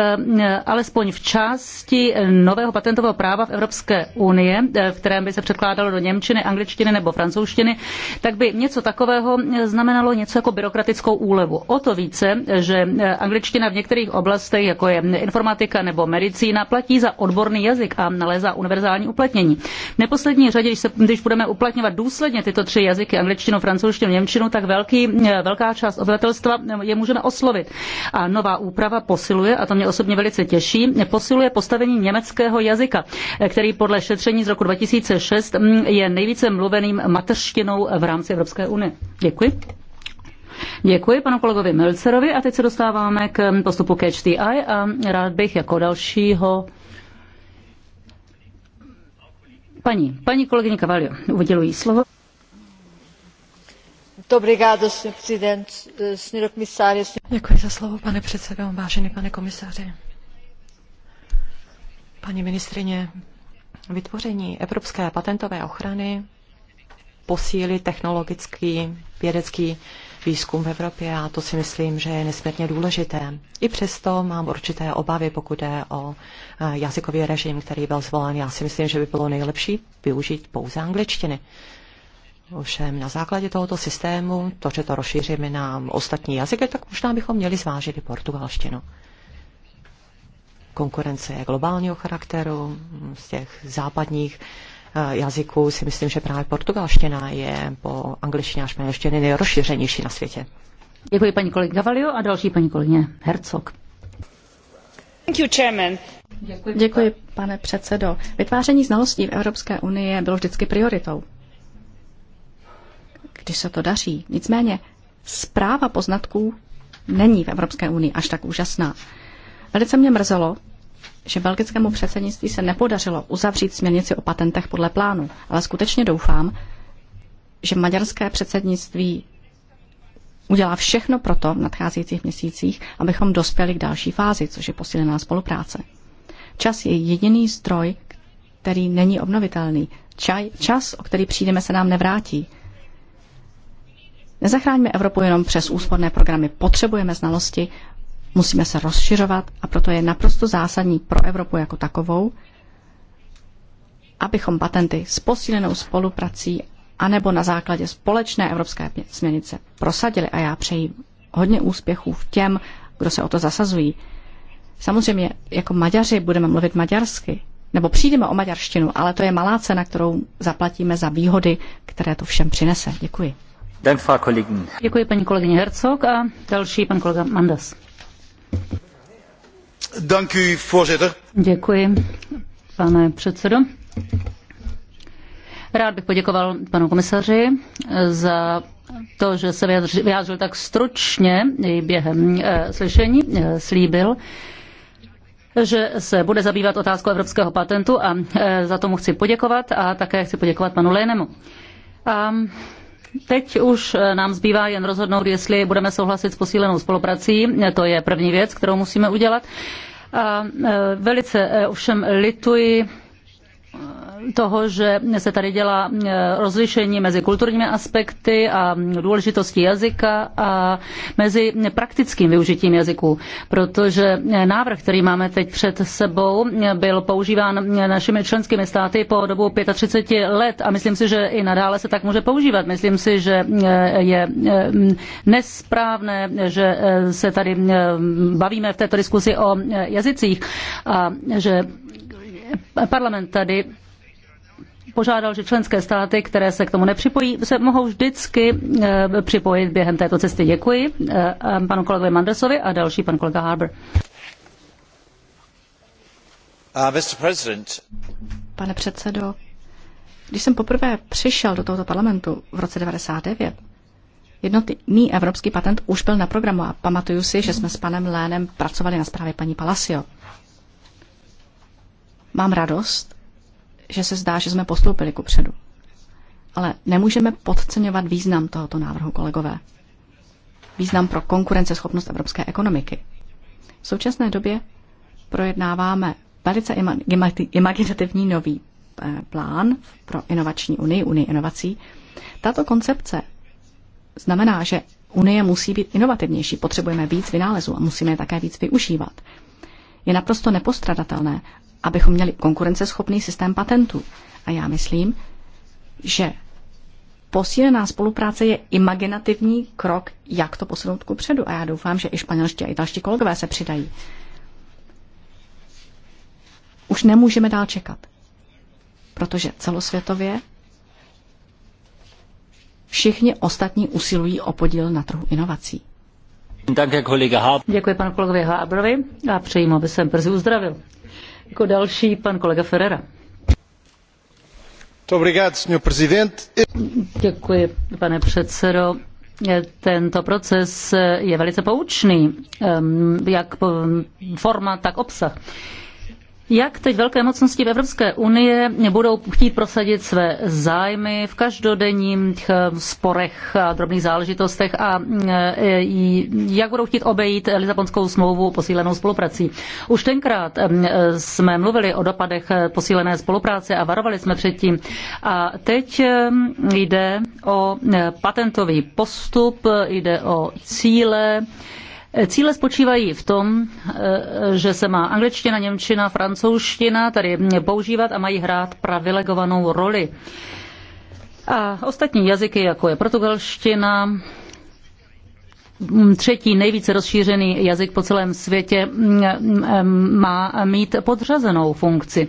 alespoň v části nového patentového práva v Evropské unie, v kterém by se překládalo do němčiny, angličtiny nebo francouzštiny, tak by něco takového znamenalo něco jako byrokratickou úlevu. O to více, že angličtina angličtina v některých oblastech, jako je informatika nebo medicína, platí za odborný jazyk a nalézá univerzální uplatnění. V neposlední řadě, když, se, když budeme uplatňovat důsledně tyto tři jazyky, angličtinu, francouzštinu, němčinu, tak velký, eh, velká část obyvatelstva eh, je můžeme oslovit. A nová úprava posiluje, a to mě osobně velice těší, posiluje postavení německého jazyka, eh, který podle šetření z roku 2006 mm, je nejvíce mluveným mateřštinou v rámci Evropské unie. Děkuji. Děkuji panu kolegovi Melcerovi a teď se dostáváme k postupu Catch the Eye a rád bych jako dalšího paní, paní kolegyně Cavalio, uděluji slovo. Děkuji za slovo, pane předsedo, vážený pane komisaři. Paní ministrině, vytvoření evropské patentové ochrany posílí technologický vědecký výzkum v Evropě a to si myslím, že je nesmírně důležité. I přesto mám určité obavy, pokud je o eh, jazykový režim, který byl zvolen. Já si myslím, že by bylo nejlepší využít pouze angličtiny. Ovšem na základě tohoto systému, to, že to rozšíříme na ostatní jazyky, tak možná bychom měli zvážit i portugalštinu. Konkurence je globálního charakteru z těch západních uh, Eh, jazyků si myslím, že právě portugalština je po angličtině a španělštině nejrozšířenější na světě. Děkuji paní kolegy Gavalio a další paní kolegyně Herzog. Thank you, chairman. Děkuji. Děkuji, pane předsedo. Vytváření znalostí v Evropské unii bylo vždycky prioritou. Když se to daří. Nicméně zpráva poznatků není v Evropské unii až tak úžasná. Velice mě mrzelo, že belgickému předsednictví se nepodařilo uzavřít směrnici o patentech podle plánu, ale skutečně doufám, že maďarské předsednictví udělá všechno to v nadcházejících měsících, abychom dospěli k další fázi, což je posílená spolupráce. Čas je jediný stroj, který není obnovitelný. Čaj, čas, o který přijdeme, se nám nevrátí. Nezachráníme Evropu jenom přes úsporné programy. Potřebujeme znalosti musíme se rozšiřovat a proto je naprosto zásadní pro Evropu jako takovou, abychom patenty s posílenou spoluprací anebo na základě společné evropské směrnice prosadili. A já přeji hodně úspěchů v těm, kdo se o to zasazují. Samozřejmě jako Maďaři budeme mluvit maďarsky, nebo přijdeme o maďarštinu, ale to je malá cena, kterou zaplatíme za výhody, které to všem přinese. Děkuji. Děkuji paní kolegyně Hercog a další pan kolega Mandas. Děkuji, pane předsedo. Rád bych poděkoval panu komisaři za to, že se vyjádřil tak stručně během eh, slyšení, eh, slíbil, že se bude zabývat otázkou evropského patentu a eh, za to mu chci poděkovat a také chci poděkovat panu Lénemu. A Teď už eh, nám zbývá jen rozhodnout, jestli budeme souhlasit s posílenou spoluprací. To je první věc, kterou musíme udělat. A eh, velice eh, ovšem lituji toho, že se tady dělá eh, rozlišení mezi kulturními aspekty a důležitostí jazyka a mezi praktickým využitím jazyků, protože eh, návrh, který máme teď před sebou, eh, byl používán našimi členskými státy po dobu 35 let a myslím si, že i nadále se tak může používat. Myslím si, že je nesprávné, že se tady bavíme v této diskusi o jazycích a že parlament tady požádal, že členské státy, které se k tomu nepřipojí, se mohou vždycky eh, připojit během této cesty. Děkuji eh, panu kolegovi Mandersovi a další pan kolega Harbour. Uh, Pane předsedo, když jsem poprvé přišel do tohoto parlamentu v roce 99, jednotný evropský patent už byl na programu a pamatuju si, že jsme s panem Lénem pracovali na zprávě paní Palacio. Mám radost, že se zdá, že jsme postoupili ku předu. Ale nemůžeme podceňovat význam tohoto návrhu, kolegové. Význam pro konkurenceschopnost evropské ekonomiky. V současné době projednáváme velice imaginativní nový eh, plán pro inovační unii, unii inovací. Tato koncepce znamená, že unie musí být inovativnější, potřebujeme víc vynálezů a musíme je také víc využívat. Je naprosto nepostradatelné, abychom měli konkurenceschopný systém patentů. A já myslím, že posílená spolupráce je imaginativní krok, jak to posunout ku předu. A já doufám, že i španělští a italští kolegové se přidají. Už nemůžeme dál čekat, protože celosvětově všichni ostatní usilují o podíl na trhu inovací. Děkuji panu kolegovi Hábrovi a přeji mu, aby se brzy uzdravil. Jako další pan kolega Ferrera. Děkuji, pane předsedo. Tento proces je velice poučný, ehm, jak forma, tak obsah jak teď velké mocnosti v Evropské unie budou chtít prosadit své zájmy v každodenních eh, sporech a drobných záležitostech a eh, jak budou chtít obejít Lisabonskou smlouvu posílenou spoluprací. Už tenkrát eh, jsme mluvili o dopadech posílené spolupráce a varovali jsme předtím. A teď jde o patentový postup, jde o cíle, Cíle spočívají v tom, eh, že se má angličtina, němčina, francouzština tady používat a mají hrát privilegovanou roli. A ostatní jazyky, jako je portugalština, mm, třetí nejvíce rozšířený jazyk po celém světě, mm, mm, má mít podřazenou funkci.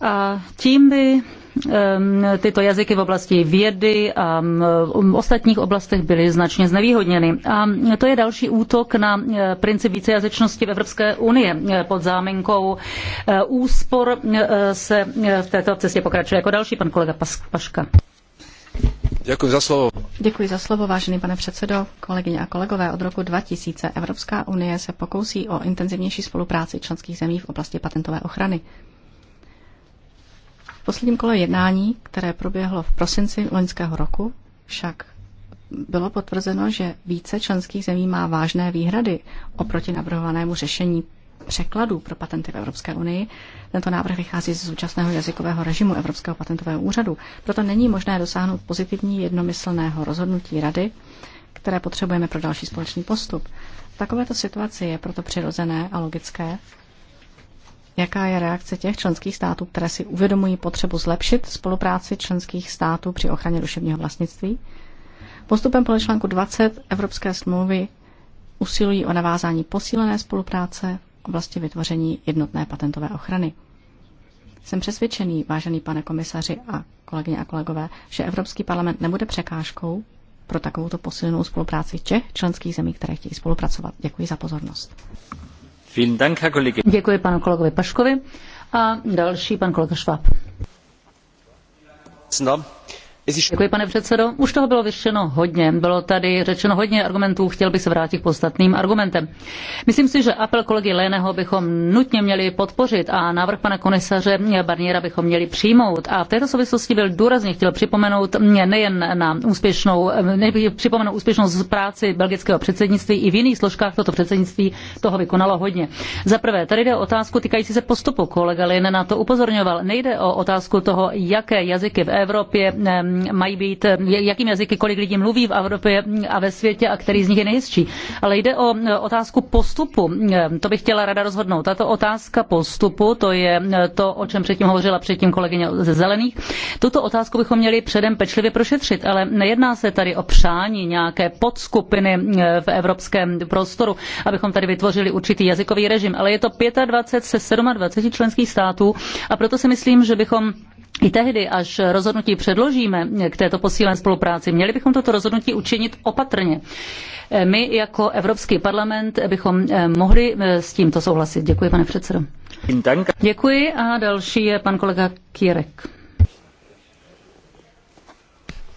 A tím by Ehm, tyto jazyky v oblasti vědy a v um, ostatních oblastech byly značně znevýhodněny. A to je další útok na eh, princip vícejazyčnosti v Evropské unie. Eh, pod záminkou eh, úspor se v této cestě pokračuje. Jako další pan kolega Paška. Děkuji za slovo. Děkuji za slovo, vážený pane předsedo, kolegyně a kolegové. Od roku 2000 Evropská unie se pokousí o intenzivnější spolupráci členských zemí v oblasti patentové ochrany. V posledním kole jednání, které proběhlo v prosinci loňského roku, však bylo potvrzeno, že více členských zemí má vážné výhrady oproti navrhovanému řešení překladů pro patenty v Evropské unii. Tento návrh vychází ze současného jazykového režimu Evropského patentového úřadu. Proto není možné dosáhnout pozitivní jednomyslného rozhodnutí Rady, které potřebujeme pro další společný postup. V takovéto situaci je proto přirozené a logické, Jaká je reakce těch členských států, které si uvědomují potřebu zlepšit spolupráci členských států při ochraně duševního vlastnictví? Postupem podle článku 20 Evropské smlouvy usilují o navázání posílené spolupráce v oblasti vytvoření jednotné patentové ochrany. Jsem přesvědčený, vážený pane komisaři a kolegyně a kolegové, že Evropský parlament nebude překážkou pro takovouto posílenou spolupráci těch členských zemí, které chtějí spolupracovat. Děkuji za pozornost. Děkuji panu kolegovi Paškovi. A další pan kolega Šváb. Děkuji, pane předsedo. Už toho bylo vyřešeno hodně. Bylo tady řečeno hodně argumentů, chtěl bych se vrátit k podstatným argumentem. Myslím si, že apel kolegy Léného bychom nutně měli podpořit a návrh pana komisaře Barniera bychom měli přijmout. A v této souvislosti byl důrazně chtěl připomenout nejen na úspěšnou, připomenout úspěšnost práci belgického předsednictví, i v jiných složkách toto předsednictví toho vykonalo hodně. Za prvé, tady jde o otázku týkající se postupu. Kolega Lén na to upozorňoval. Nejde o otázku toho, jaké jazyky v Evropě Mm, mají být, eh, jakým jazyky kolik lidí mluví v Evropě mm, a ve světě a který z nich je nejistší. Ale jde o eh, otázku postupu. Mm, to bych chtěla rada rozhodnout. Tato otázka postupu, to je eh, to, o čem předtím hovořila předtím kolegyně ze Zelených. Tuto otázku bychom měli předem pečlivě prošetřit, ale nejedná se tady o přání nějaké podskupiny v evropském prostoru, abychom tady vytvořili určitý jazykový režim, ale je to 25 se 27 členských států a proto si myslím, že bychom i tehdy, až rozhodnutí předložíme k této posílené spolupráci, měli bychom toto rozhodnutí učinit opatrně. My jako Evropský parlament bychom eh, mohli eh, s tímto souhlasit. Děkuji, pane předsedo. Děkuji a další je pan kolega Kierek.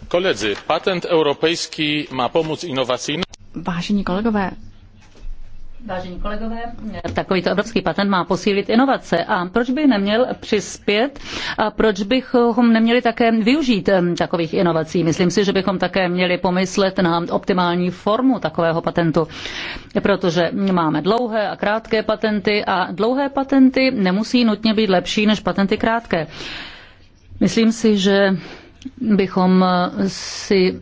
Koledzy, patent europejský má pomoc inovacyjným. Vážení kolegové, Vážení kolegové, takovýto evropský patent má posílit inovace. A proč by neměl přispět a proč bychom neměli také využít takových inovací? Myslím si, že bychom také měli pomyslet na optimální formu takového patentu, protože máme dlouhé a krátké patenty a dlouhé patenty nemusí nutně být lepší než patenty krátké. Myslím si, že bychom si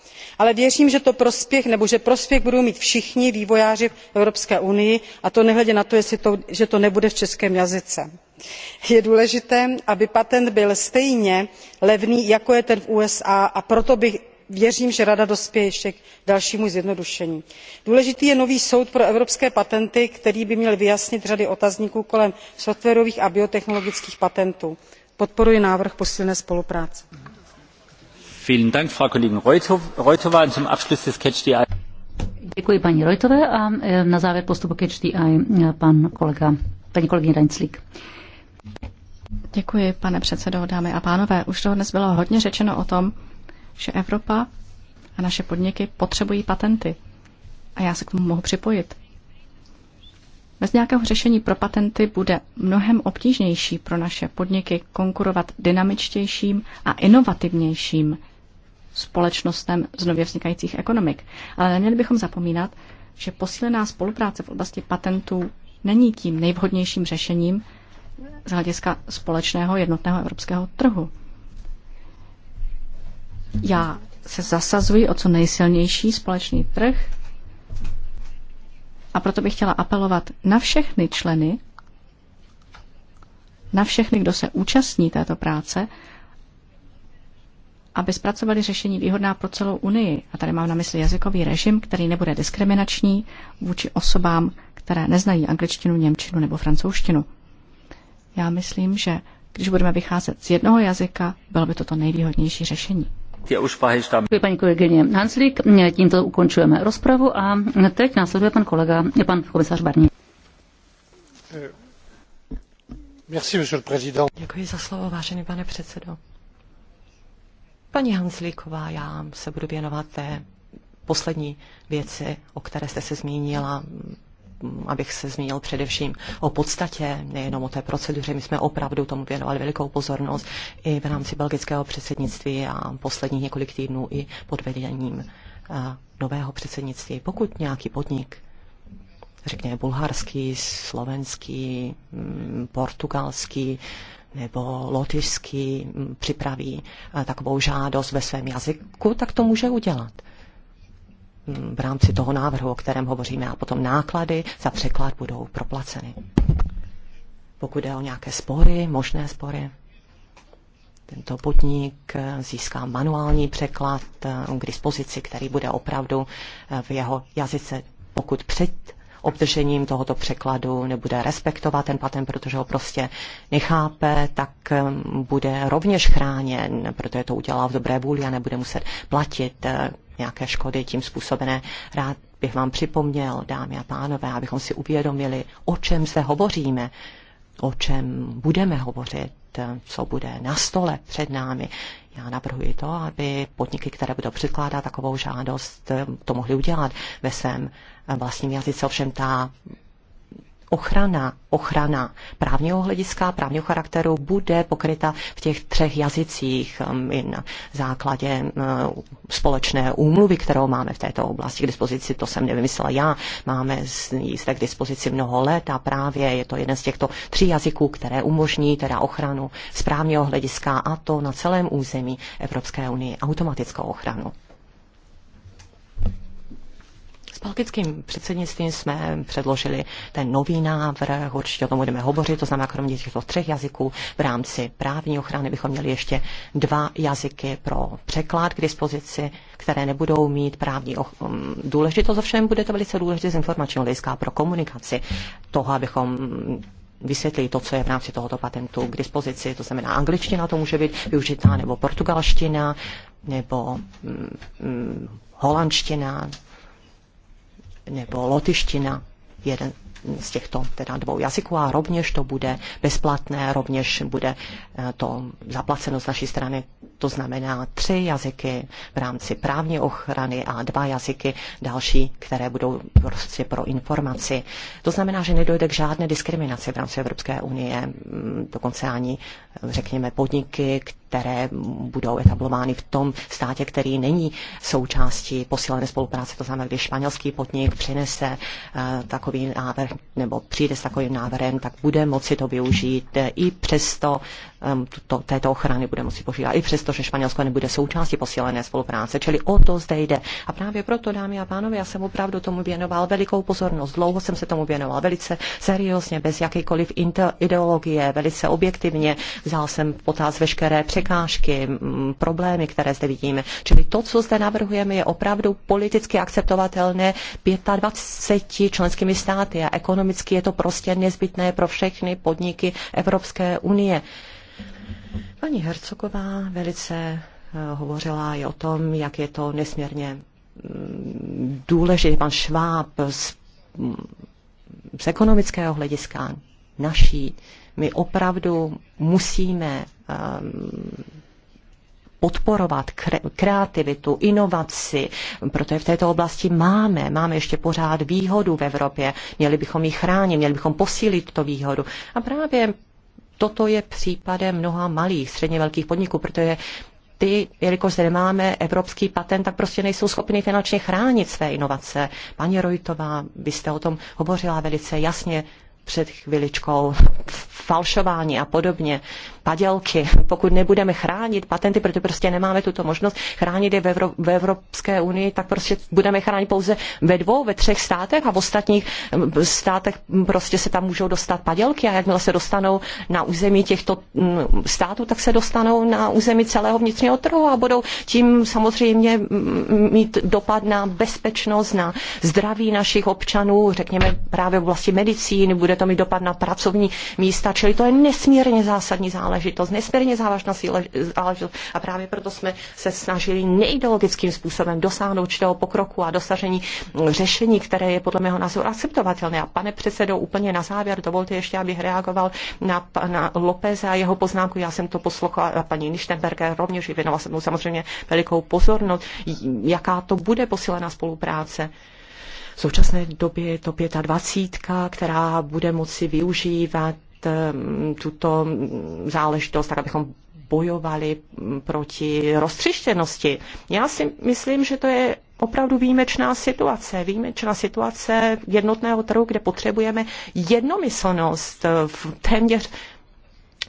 ale věřím že prospěch budou mít všichni vývojáři v evropské unii a to nehledě na to že to nebude v českém jazyce. je důležité aby patent byl stejně levný jako je ten v usa a proto věřím že rada dospěje ještě k dalšímu zjednodušení. důležitý je nový soud pro evropské patenty který by měl vyjasnit řady otazníků kolem softwarových a biotechnologických patentů. podporuji návrh posílené spolupráce. Děkuji paní Rojtové a e, na závěr postupu Catch the Eye e, pan kolega, paní kolegyně Daňclík. Děkuji, pane předsedo, dámy a pánové. Už toho dnes bylo hodně řečeno o tom, že Evropa a naše podniky potřebují patenty. A já se k tomu mohu připojit. Bez nějakého řešení pro patenty bude mnohem obtížnější pro naše podniky konkurovat dynamičtějším a inovativnějším společnostem z nově vznikajících ekonomik. Ale neměli bychom zapomínat, že posílená spolupráce v oblasti patentů není tím nejvhodnějším řešením z hlediska společného jednotného evropského trhu. Já se zasazuji o co nejsilnější společný trh a proto bych chtěla apelovat na všechny členy, na všechny, kdo se účastní této práce, aby zpracovali řešení výhodná pro celou Unii. A tady mám na mysli jazykový režim, který nebude diskriminační vůči osobám, které neznají angličtinu, němčinu nebo francouzštinu. Já myslím, že když budeme vycházet z jednoho jazyka, bylo by to to nejvýhodnější řešení. Děkuji, paní kolegyně Hanslík. Tímto ukončujeme rozpravu a teď následuje pan kolega, pan komisař Barní. Děkuji za slovo, vážený pane předsedo. Paní Hanslíková, já se budu věnovat té poslední věci, o které jste se zmínila, abych se zmínil především o podstatě, nejenom o té proceduře. My jsme opravdu tomu věnovali velikou pozornost i v rámci belgického předsednictví a posledních několik týdnů i pod vedením eh, nového předsednictví. Pokud nějaký podnik řekněme bulharský, slovenský, mm, portugalský, nebo lotyšský mm, připraví eh, takovou žádost ve svém jazyku, tak to může udělat mm, v rámci toho návrhu, o kterém hovoříme, a potom náklady za překlad budou proplaceny. Pokud jde o nějaké spory, možné spory, tento podnik eh, získá manuální překlad eh, k dispozici, který bude opravdu v jeho jazyce. Pokud před obdržením tohoto překladu nebude respektovat ten patent, protože ho prostě nechápe, tak um, bude rovněž chráněn, protože to udělal v dobré vůli a nebude muset platit uh, nějaké škody tím způsobené. Rád bych vám připomněl, dámy a pánové, abychom si uvědomili, o čem se hovoříme, o čem budeme hovořit co bude na stole před námi. Já navrhuji to, aby podniky, které budou předkládat takovou žádost, to mohly udělat ve svém vlastním jazyce. Ovšem ta ochrana, ochrana právního hlediska, právního charakteru bude pokryta v těch třech jazycích um, na základě uh, společné úmluvy, kterou máme v této oblasti k dispozici. To jsem nevymyslela já. Máme zde k dispozici mnoho let a právě je to jeden z těchto tří jazyků, které umožní teda ochranu z právního hlediska a to na celém území Evropské unie automatickou ochranu. S předsednictvím jsme předložili ten nový návrh, určitě o tom budeme hovořit, to znamená, kromě těchto třech jazyků v rámci právní ochrany bychom měli ještě dva jazyky pro překlad k dispozici, které nebudou mít právní mm, důležitost, ovšem bude to velice důležité z informačního hlediska pro komunikaci toho, abychom vysvětlí to, co je v rámci tohoto patentu k dispozici. To znamená, angličtina to může být využitá, nebo portugalština, nebo mm, mm holandština, nebo lotyština jeden z těchto teda dvou jazyků a rovněž to bude bezplatné, rovněž bude eh, to zaplaceno z naší strany. To znamená tři jazyky v rámci právní ochrany a dva jazyky další, které budou prostě pro informaci. To znamená, že nedojde k žádné diskriminaci v rámci Evropské unie, mm, dokonce ani, řekněme, podniky, které budou etablovány v tom státě, který není součástí posílené spolupráce. To znamená, když španělský podnik přinese eh, takový návrh, návrh eh, nebo přijde s takovým návrhem, tak bude moci to využít eh, i přesto um, tuto, této ochrany bude moci požívat, i přesto, že Španělsko nebude součástí posílené spolupráce. Čili o to zde jde. A právě proto, dámy a pánové, já jsem opravdu tomu věnoval velikou pozornost. Dlouho jsem se tomu věnoval velice seriózně, bez jakékoliv ideologie, velice objektivně. Vzal jsem v potaz veškeré překážky, m, problémy, které zde vidíme. Čili to, co zde navrhujeme, je opravdu politicky akceptovatelné 25 členskými státy a ekonomicky je to prostě nezbytné pro všechny podniky Evropské unie. Paní Hercogová velice eh, hovořila i o tom, jak je to nesmírně mm, důležité. Pan Šváb z, mm, z ekonomického hlediska naší, my opravdu musíme ehm, podporovat kreativitu, inovaci, protože v této oblasti máme, máme ještě pořád výhodu v Evropě, měli bychom ji chránit, měli bychom posílit to výhodu. A právě toto je případem mnoha malých, středně velkých podniků, protože ty, jelikož zde nemáme evropský patent, tak prostě nejsou schopni finančně chránit své inovace. Paní Rojtová, vy jste o tom hovořila velice jasně před chviličkou, falšování a podobně padělky, pokud nebudeme chránit patenty, protože prostě nemáme tuto možnost chránit je v, Evro- v Evropské unii, tak prostě budeme chránit pouze ve dvou, ve třech státech a v ostatních státech prostě se tam můžou dostat padělky a jakmile se dostanou na území těchto států, tak se dostanou na území celého vnitřního trhu a budou tím samozřejmě mít dopad na bezpečnost, na zdraví našich občanů, řekněme právě v oblasti medicíny, bude to mít dopad na pracovní místa, čili to je nesmírně zásadní záležitost záležitost, nesmírně závažná záležitost a právě proto jsme se snažili neideologickým způsobem dosáhnout určitého pokroku a dosažení mm, řešení, které je podle mého názoru akceptovatelné. A pane předsedo, úplně na závěr dovolte ještě, abych reagoval na pana Lopeze a jeho poznámku. Já jsem to poslouchala a paní Nichtenberger rovněž věnovala jsem mu samozřejmě velikou pozornost, jaká to bude posílená spolupráce. V současné době je to 25, která bude moci využívat Eh, tuto záležitost, tak abychom bojovali proti roztřištěnosti. Já si myslím, že to je opravdu výjimečná situace. Výjimečná situace jednotného trhu, kde potřebujeme jednomyslnost v téměř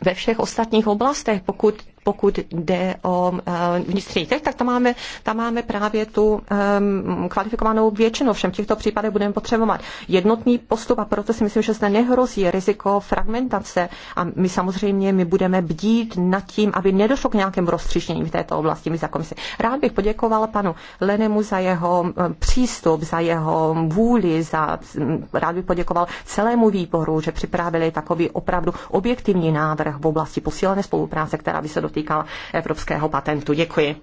ve všech ostatních oblastech, pokud pokud jde o eh, vnitřní trh, tak tam máme, tam máme právě tu eh, kvalifikovanou většinu. Všem těchto případech budeme potřebovat jednotný postup a proto si myslím, že zde nehrozí riziko fragmentace a my samozřejmě my budeme bdít nad tím, aby nedošlo k nějakému rozstřižení v této oblasti my za komisi. Rád bych poděkoval panu Lenemu za jeho eh, přístup, za jeho vůli, za, hm, rád bych poděkoval celému výboru, že připravili takový opravdu objektivní návrh v oblasti posílené spolupráce, která by se do týkal evropského patentu. Děkuji.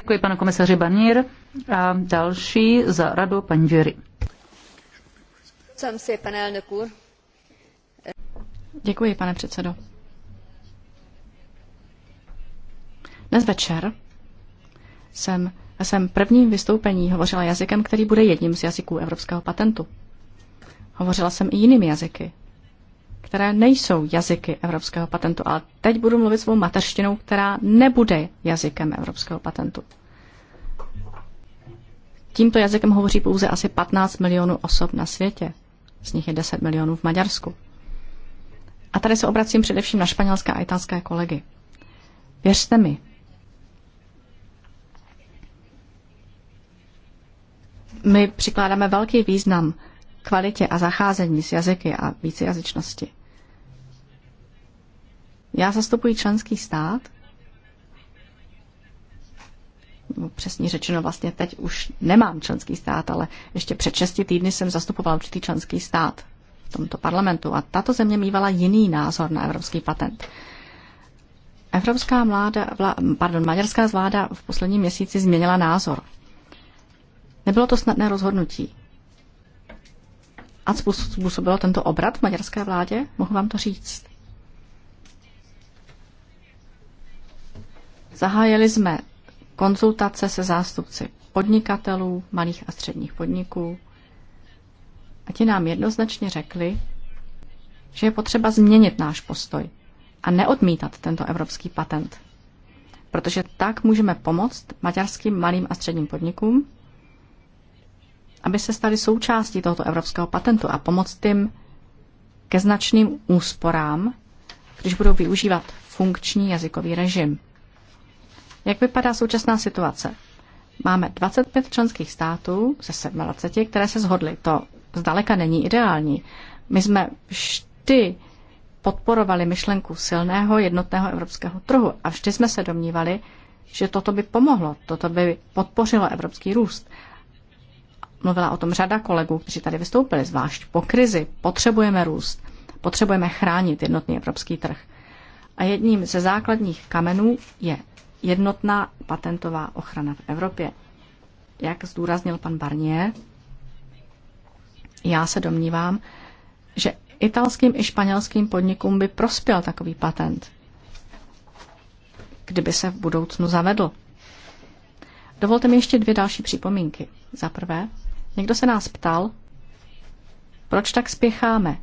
Děkuji panu komisaři Banír a další za radu paní Jury. Děkuji, pane předsedo. Dnes večer jsem jsem prvním vystoupení hovořila jazykem, který bude jedním z jazyků evropského patentu. Hovořila jsem i jinými jazyky, které nejsou jazyky evropského patentu. Ale teď budu mluvit svou mateřštinou, která nebude jazykem evropského patentu. Tímto jazykem hovoří pouze asi 15 milionů osob na světě. Z nich je 10 milionů v Maďarsku. A tady se obracím především na španělské a italské kolegy. Věřte mi, my přikládáme velký význam kvalitě a zacházení s jazyky a vícejazyčnosti. Já zastupuji členský stát, no, přesně řečeno vlastně teď už nemám členský stát, ale ještě před šesti týdny jsem zastupoval určitý členský stát v tomto parlamentu a tato země mývala jiný názor na evropský patent. Evropská mláda, vla, pardon, maďarská vláda v posledním měsíci změnila názor. Nebylo to snadné rozhodnutí a způsobilo tento obrat v maďarské vládě? Mohu vám to říct. Zahájili jsme konzultace se zástupci podnikatelů, malých a středních podniků a ti nám jednoznačně řekli, že je potřeba změnit náš postoj a neodmítat tento evropský patent. Protože tak můžeme pomoct maďarským malým a středním podnikům, aby se stali součástí tohoto evropského patentu a pomoct jim ke značným úsporám, když budou využívat funkční jazykový režim. Jak vypadá současná situace? Máme 25 členských států ze 27, které se shodly. To zdaleka není ideální. My jsme vždy podporovali myšlenku silného jednotného evropského trhu a vždy jsme se domnívali, že toto by pomohlo, toto by podpořilo evropský růst mluvila o tom řada kolegů, kteří tady vystoupili, zvlášť po krizi, potřebujeme růst, potřebujeme chránit jednotný evropský trh. A jedním ze základních kamenů je jednotná patentová ochrana v Evropě. Jak zdůraznil pan Barnier, já se domnívám, že italským i španělským podnikům by prospěl takový patent, kdyby se v budoucnu zavedl. Dovolte mi ještě dvě další připomínky. Za prvé, Někdo se nás ptal, proč tak spěcháme?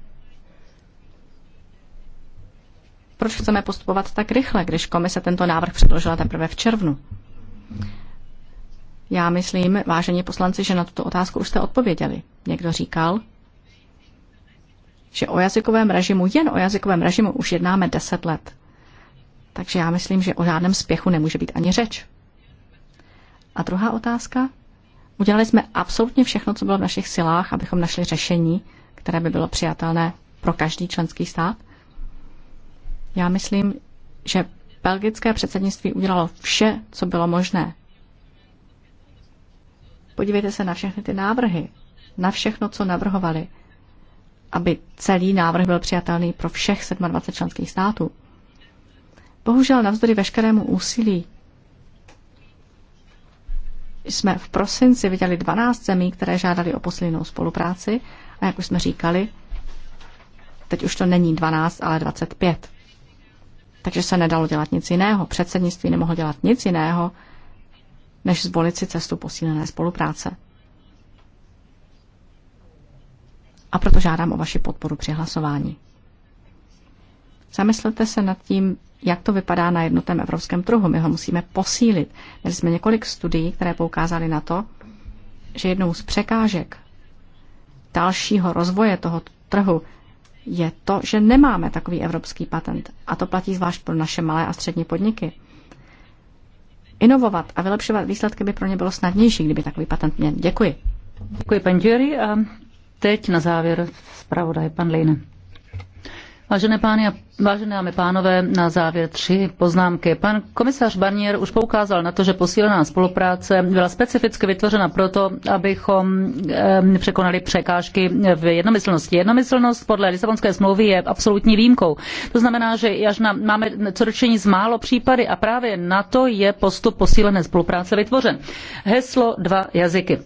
Proč chceme postupovat tak rychle, když komise tento návrh předložila teprve v červnu? Já myslím, vážení poslanci, že na tuto otázku už jste odpověděli. Někdo říkal, že o jazykovém režimu, jen o jazykovém režimu už jednáme deset let. Takže já myslím, že o žádném spěchu nemůže být ani řeč. A druhá otázka? Udělali jsme absolutně všechno, co bylo v našich silách, abychom našli řešení, které by bylo přijatelné pro každý členský stát. Já myslím, že belgické předsednictví udělalo vše, co bylo možné. Podívejte se na všechny ty návrhy, na všechno, co navrhovali, aby celý návrh byl přijatelný pro všech 27 členských států. Bohužel navzdory veškerému úsilí jsme v prosinci viděli 12 zemí, které žádali o posilnou spolupráci a jak už jsme říkali, teď už to není 12, ale 25. Takže se nedalo dělat nic jiného. Předsednictví nemohlo dělat nic jiného, než zvolit si cestu posílené spolupráce. A proto žádám o vaši podporu při hlasování. Zamyslete se nad tím, jak to vypadá na jednotném evropském trhu. My ho musíme posílit. Měli jsme několik studií, které poukázaly na to, že jednou z překážek dalšího rozvoje toho trhu je to, že nemáme takový evropský patent. A to platí zvlášť pro naše malé a střední podniky. Inovovat a vylepšovat výsledky by pro ně bylo snadnější, kdyby takový patent měl. Děkuji. Děkuji, pan Jury. A teď na závěr zpravodaj pan Lejne. Vážené pány a Vážené dámy pánové, na závěr tři poznámky. Pan komisař Barnier už poukázal na to, že posílená spolupráce byla specificky vytvořena proto, abychom překonali překážky v jednomyslnosti. Jednomyslnost podle Lisabonské smlouvy je absolutní výjimkou. To znamená, že až na, máme co dočení z málo případy a právě na to je postup posílené spolupráce vytvořen. Heslo dva jazyky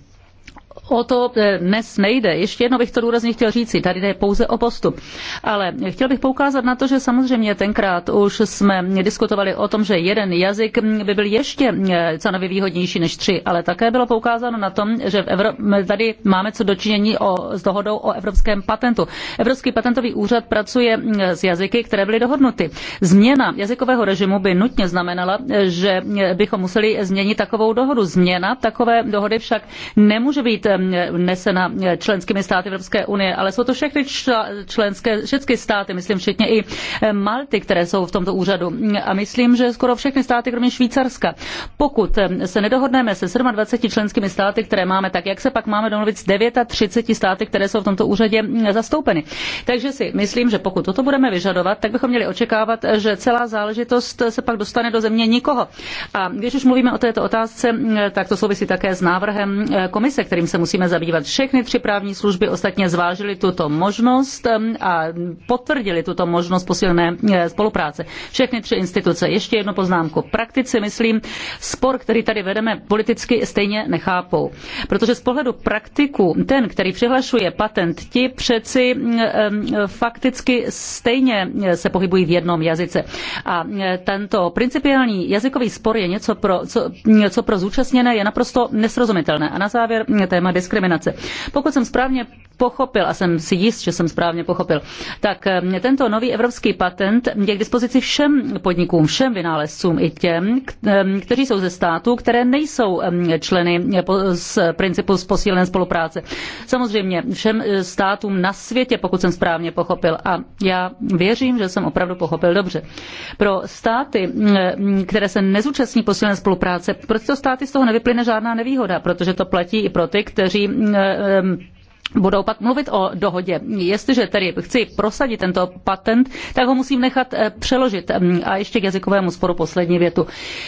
o to eh, dnes nejde. Ještě jedno bych to důrazně chtěl říci, tady jde pouze o postup. Ale chtěl bych poukázat na to, že samozřejmě tenkrát už jsme diskutovali o tom, že jeden jazyk by byl ještě eh, cenově výhodnější než tři, ale také bylo poukázáno na tom, že v Evro- tady máme co dočinění o, s dohodou o evropském patentu. Evropský patentový úřad pracuje s jazyky, které byly dohodnuty. Změna jazykového režimu by nutně znamenala, eh, že bychom museli změnit takovou dohodu. Změna takové dohody však nemůže být být eh, nesena eh, členskými státy Evropské unie, ale jsou to všechny členské, všechny státy, myslím včetně i eh, Malty, které jsou v tomto úřadu. A myslím, že skoro všechny státy, kromě Švýcarska. Pokud se nedohodneme se 27 členskými státy, které máme, tak jak se pak máme domluvit s 39 státy, které jsou v tomto úřadě hm, zastoupeny. Takže si myslím, že pokud toto budeme vyžadovat, tak bychom měli očekávat, že celá záležitost se pak dostane do země nikoho. A když už mluvíme o této otázce, hm, tak to souvisí také s návrhem komise, kterým se se musíme zabývat. Všechny tři právní služby ostatně zvážily tuto možnost um, a potvrdili tuto možnost posílené eh, spolupráce. Všechny tři instituce. Ještě jednu poznámku. Praktici, myslím, spor, který tady vedeme politicky, stejně nechápou. Protože z pohledu praktiku, ten, který přihlašuje patent, ti přeci mm, fakticky stejně eh, se pohybují v jednom jazyce. A eh, tento principiální jazykový spor je něco, pro, co, co pro zúčastněné je naprosto nesrozumitelné. A na závěr mm, téma téma diskriminace. Pokud jsem správně pochopil a jsem si jist, že jsem správně pochopil, tak ehm, tento nový evropský patent je k dispozici všem podnikům, všem vynálezcům i těm, ehm, kteří jsou ze států, které nejsou ehm, členy eh, z principu z posílené spolupráce. Samozřejmě všem eh, státům na světě, pokud jsem správně pochopil. A já věřím, že jsem opravdu pochopil dobře. Pro státy, které se nezúčastní posílené spolupráce, pro tyto státy z toho nevyplyne žádná nevýhoda, protože to platí i pro ty, kteří budou pak mluvit o dohodě. Jestliže tedy chci prosadit tento patent, tak ho musím nechat eh, přeložit. Mm, a ještě k jazykovému sporu poslední větu.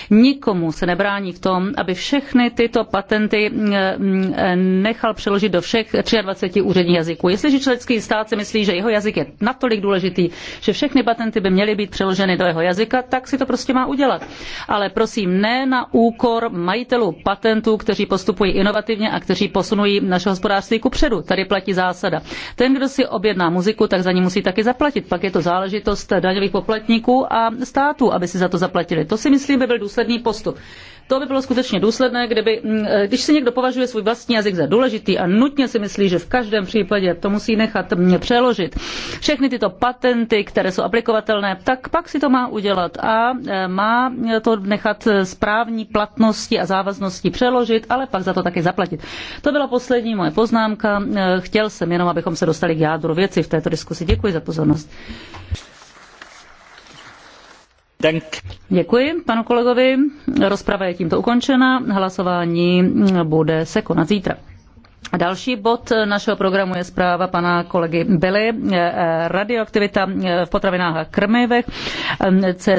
Nikomu se nebrání v tom, aby všechny tyto patenty mm, eh, nechal přeložit do všech 23 úředních jazyků. Jestliže členský stát si myslí, že jeho jazyk je natolik důležitý, že všechny patenty by měly být přeloženy do jeho jazyka, tak si to prostě má udělat. Ale prosím, ne na úkor majitelů patentů, kteří postupují inovativně a kteří posunují naše hospodářství kupředu Tady platí zásada. Ten, kdo si objedná muziku, tak za ní musí taky zaplatit. Pak je to záležitost daňových poplatníků a států, aby si za to zaplatili. To si myslím by byl důsledný postup. To by bylo skutečně důsledné, kdyby, mm, eh, když si někdo považuje svůj vlastní jazyk za důležitý a nutně si myslí, že v každém případě to musí nechat mě mm, přeložit, všechny tyto patenty, které jsou aplikovatelné, tak pak si to má udělat a eh, má to nechat správní platnosti a závaznosti přeložit, ale pak za to také zaplatit. To byla poslední moje poznámka. Eh, chtěl jsem jenom, abychom se dostali k jádru věci v této diskusi. Děkuji za pozornost. Dank. Děkuji panu kolegovi. Rozprava je tímto ukončena. Hlasování bude se konat zítra. Další bod našeho programu je zpráva pana kolegy Billy, eh, eh, radioaktivita eh, v potravinách a krmivech, CSR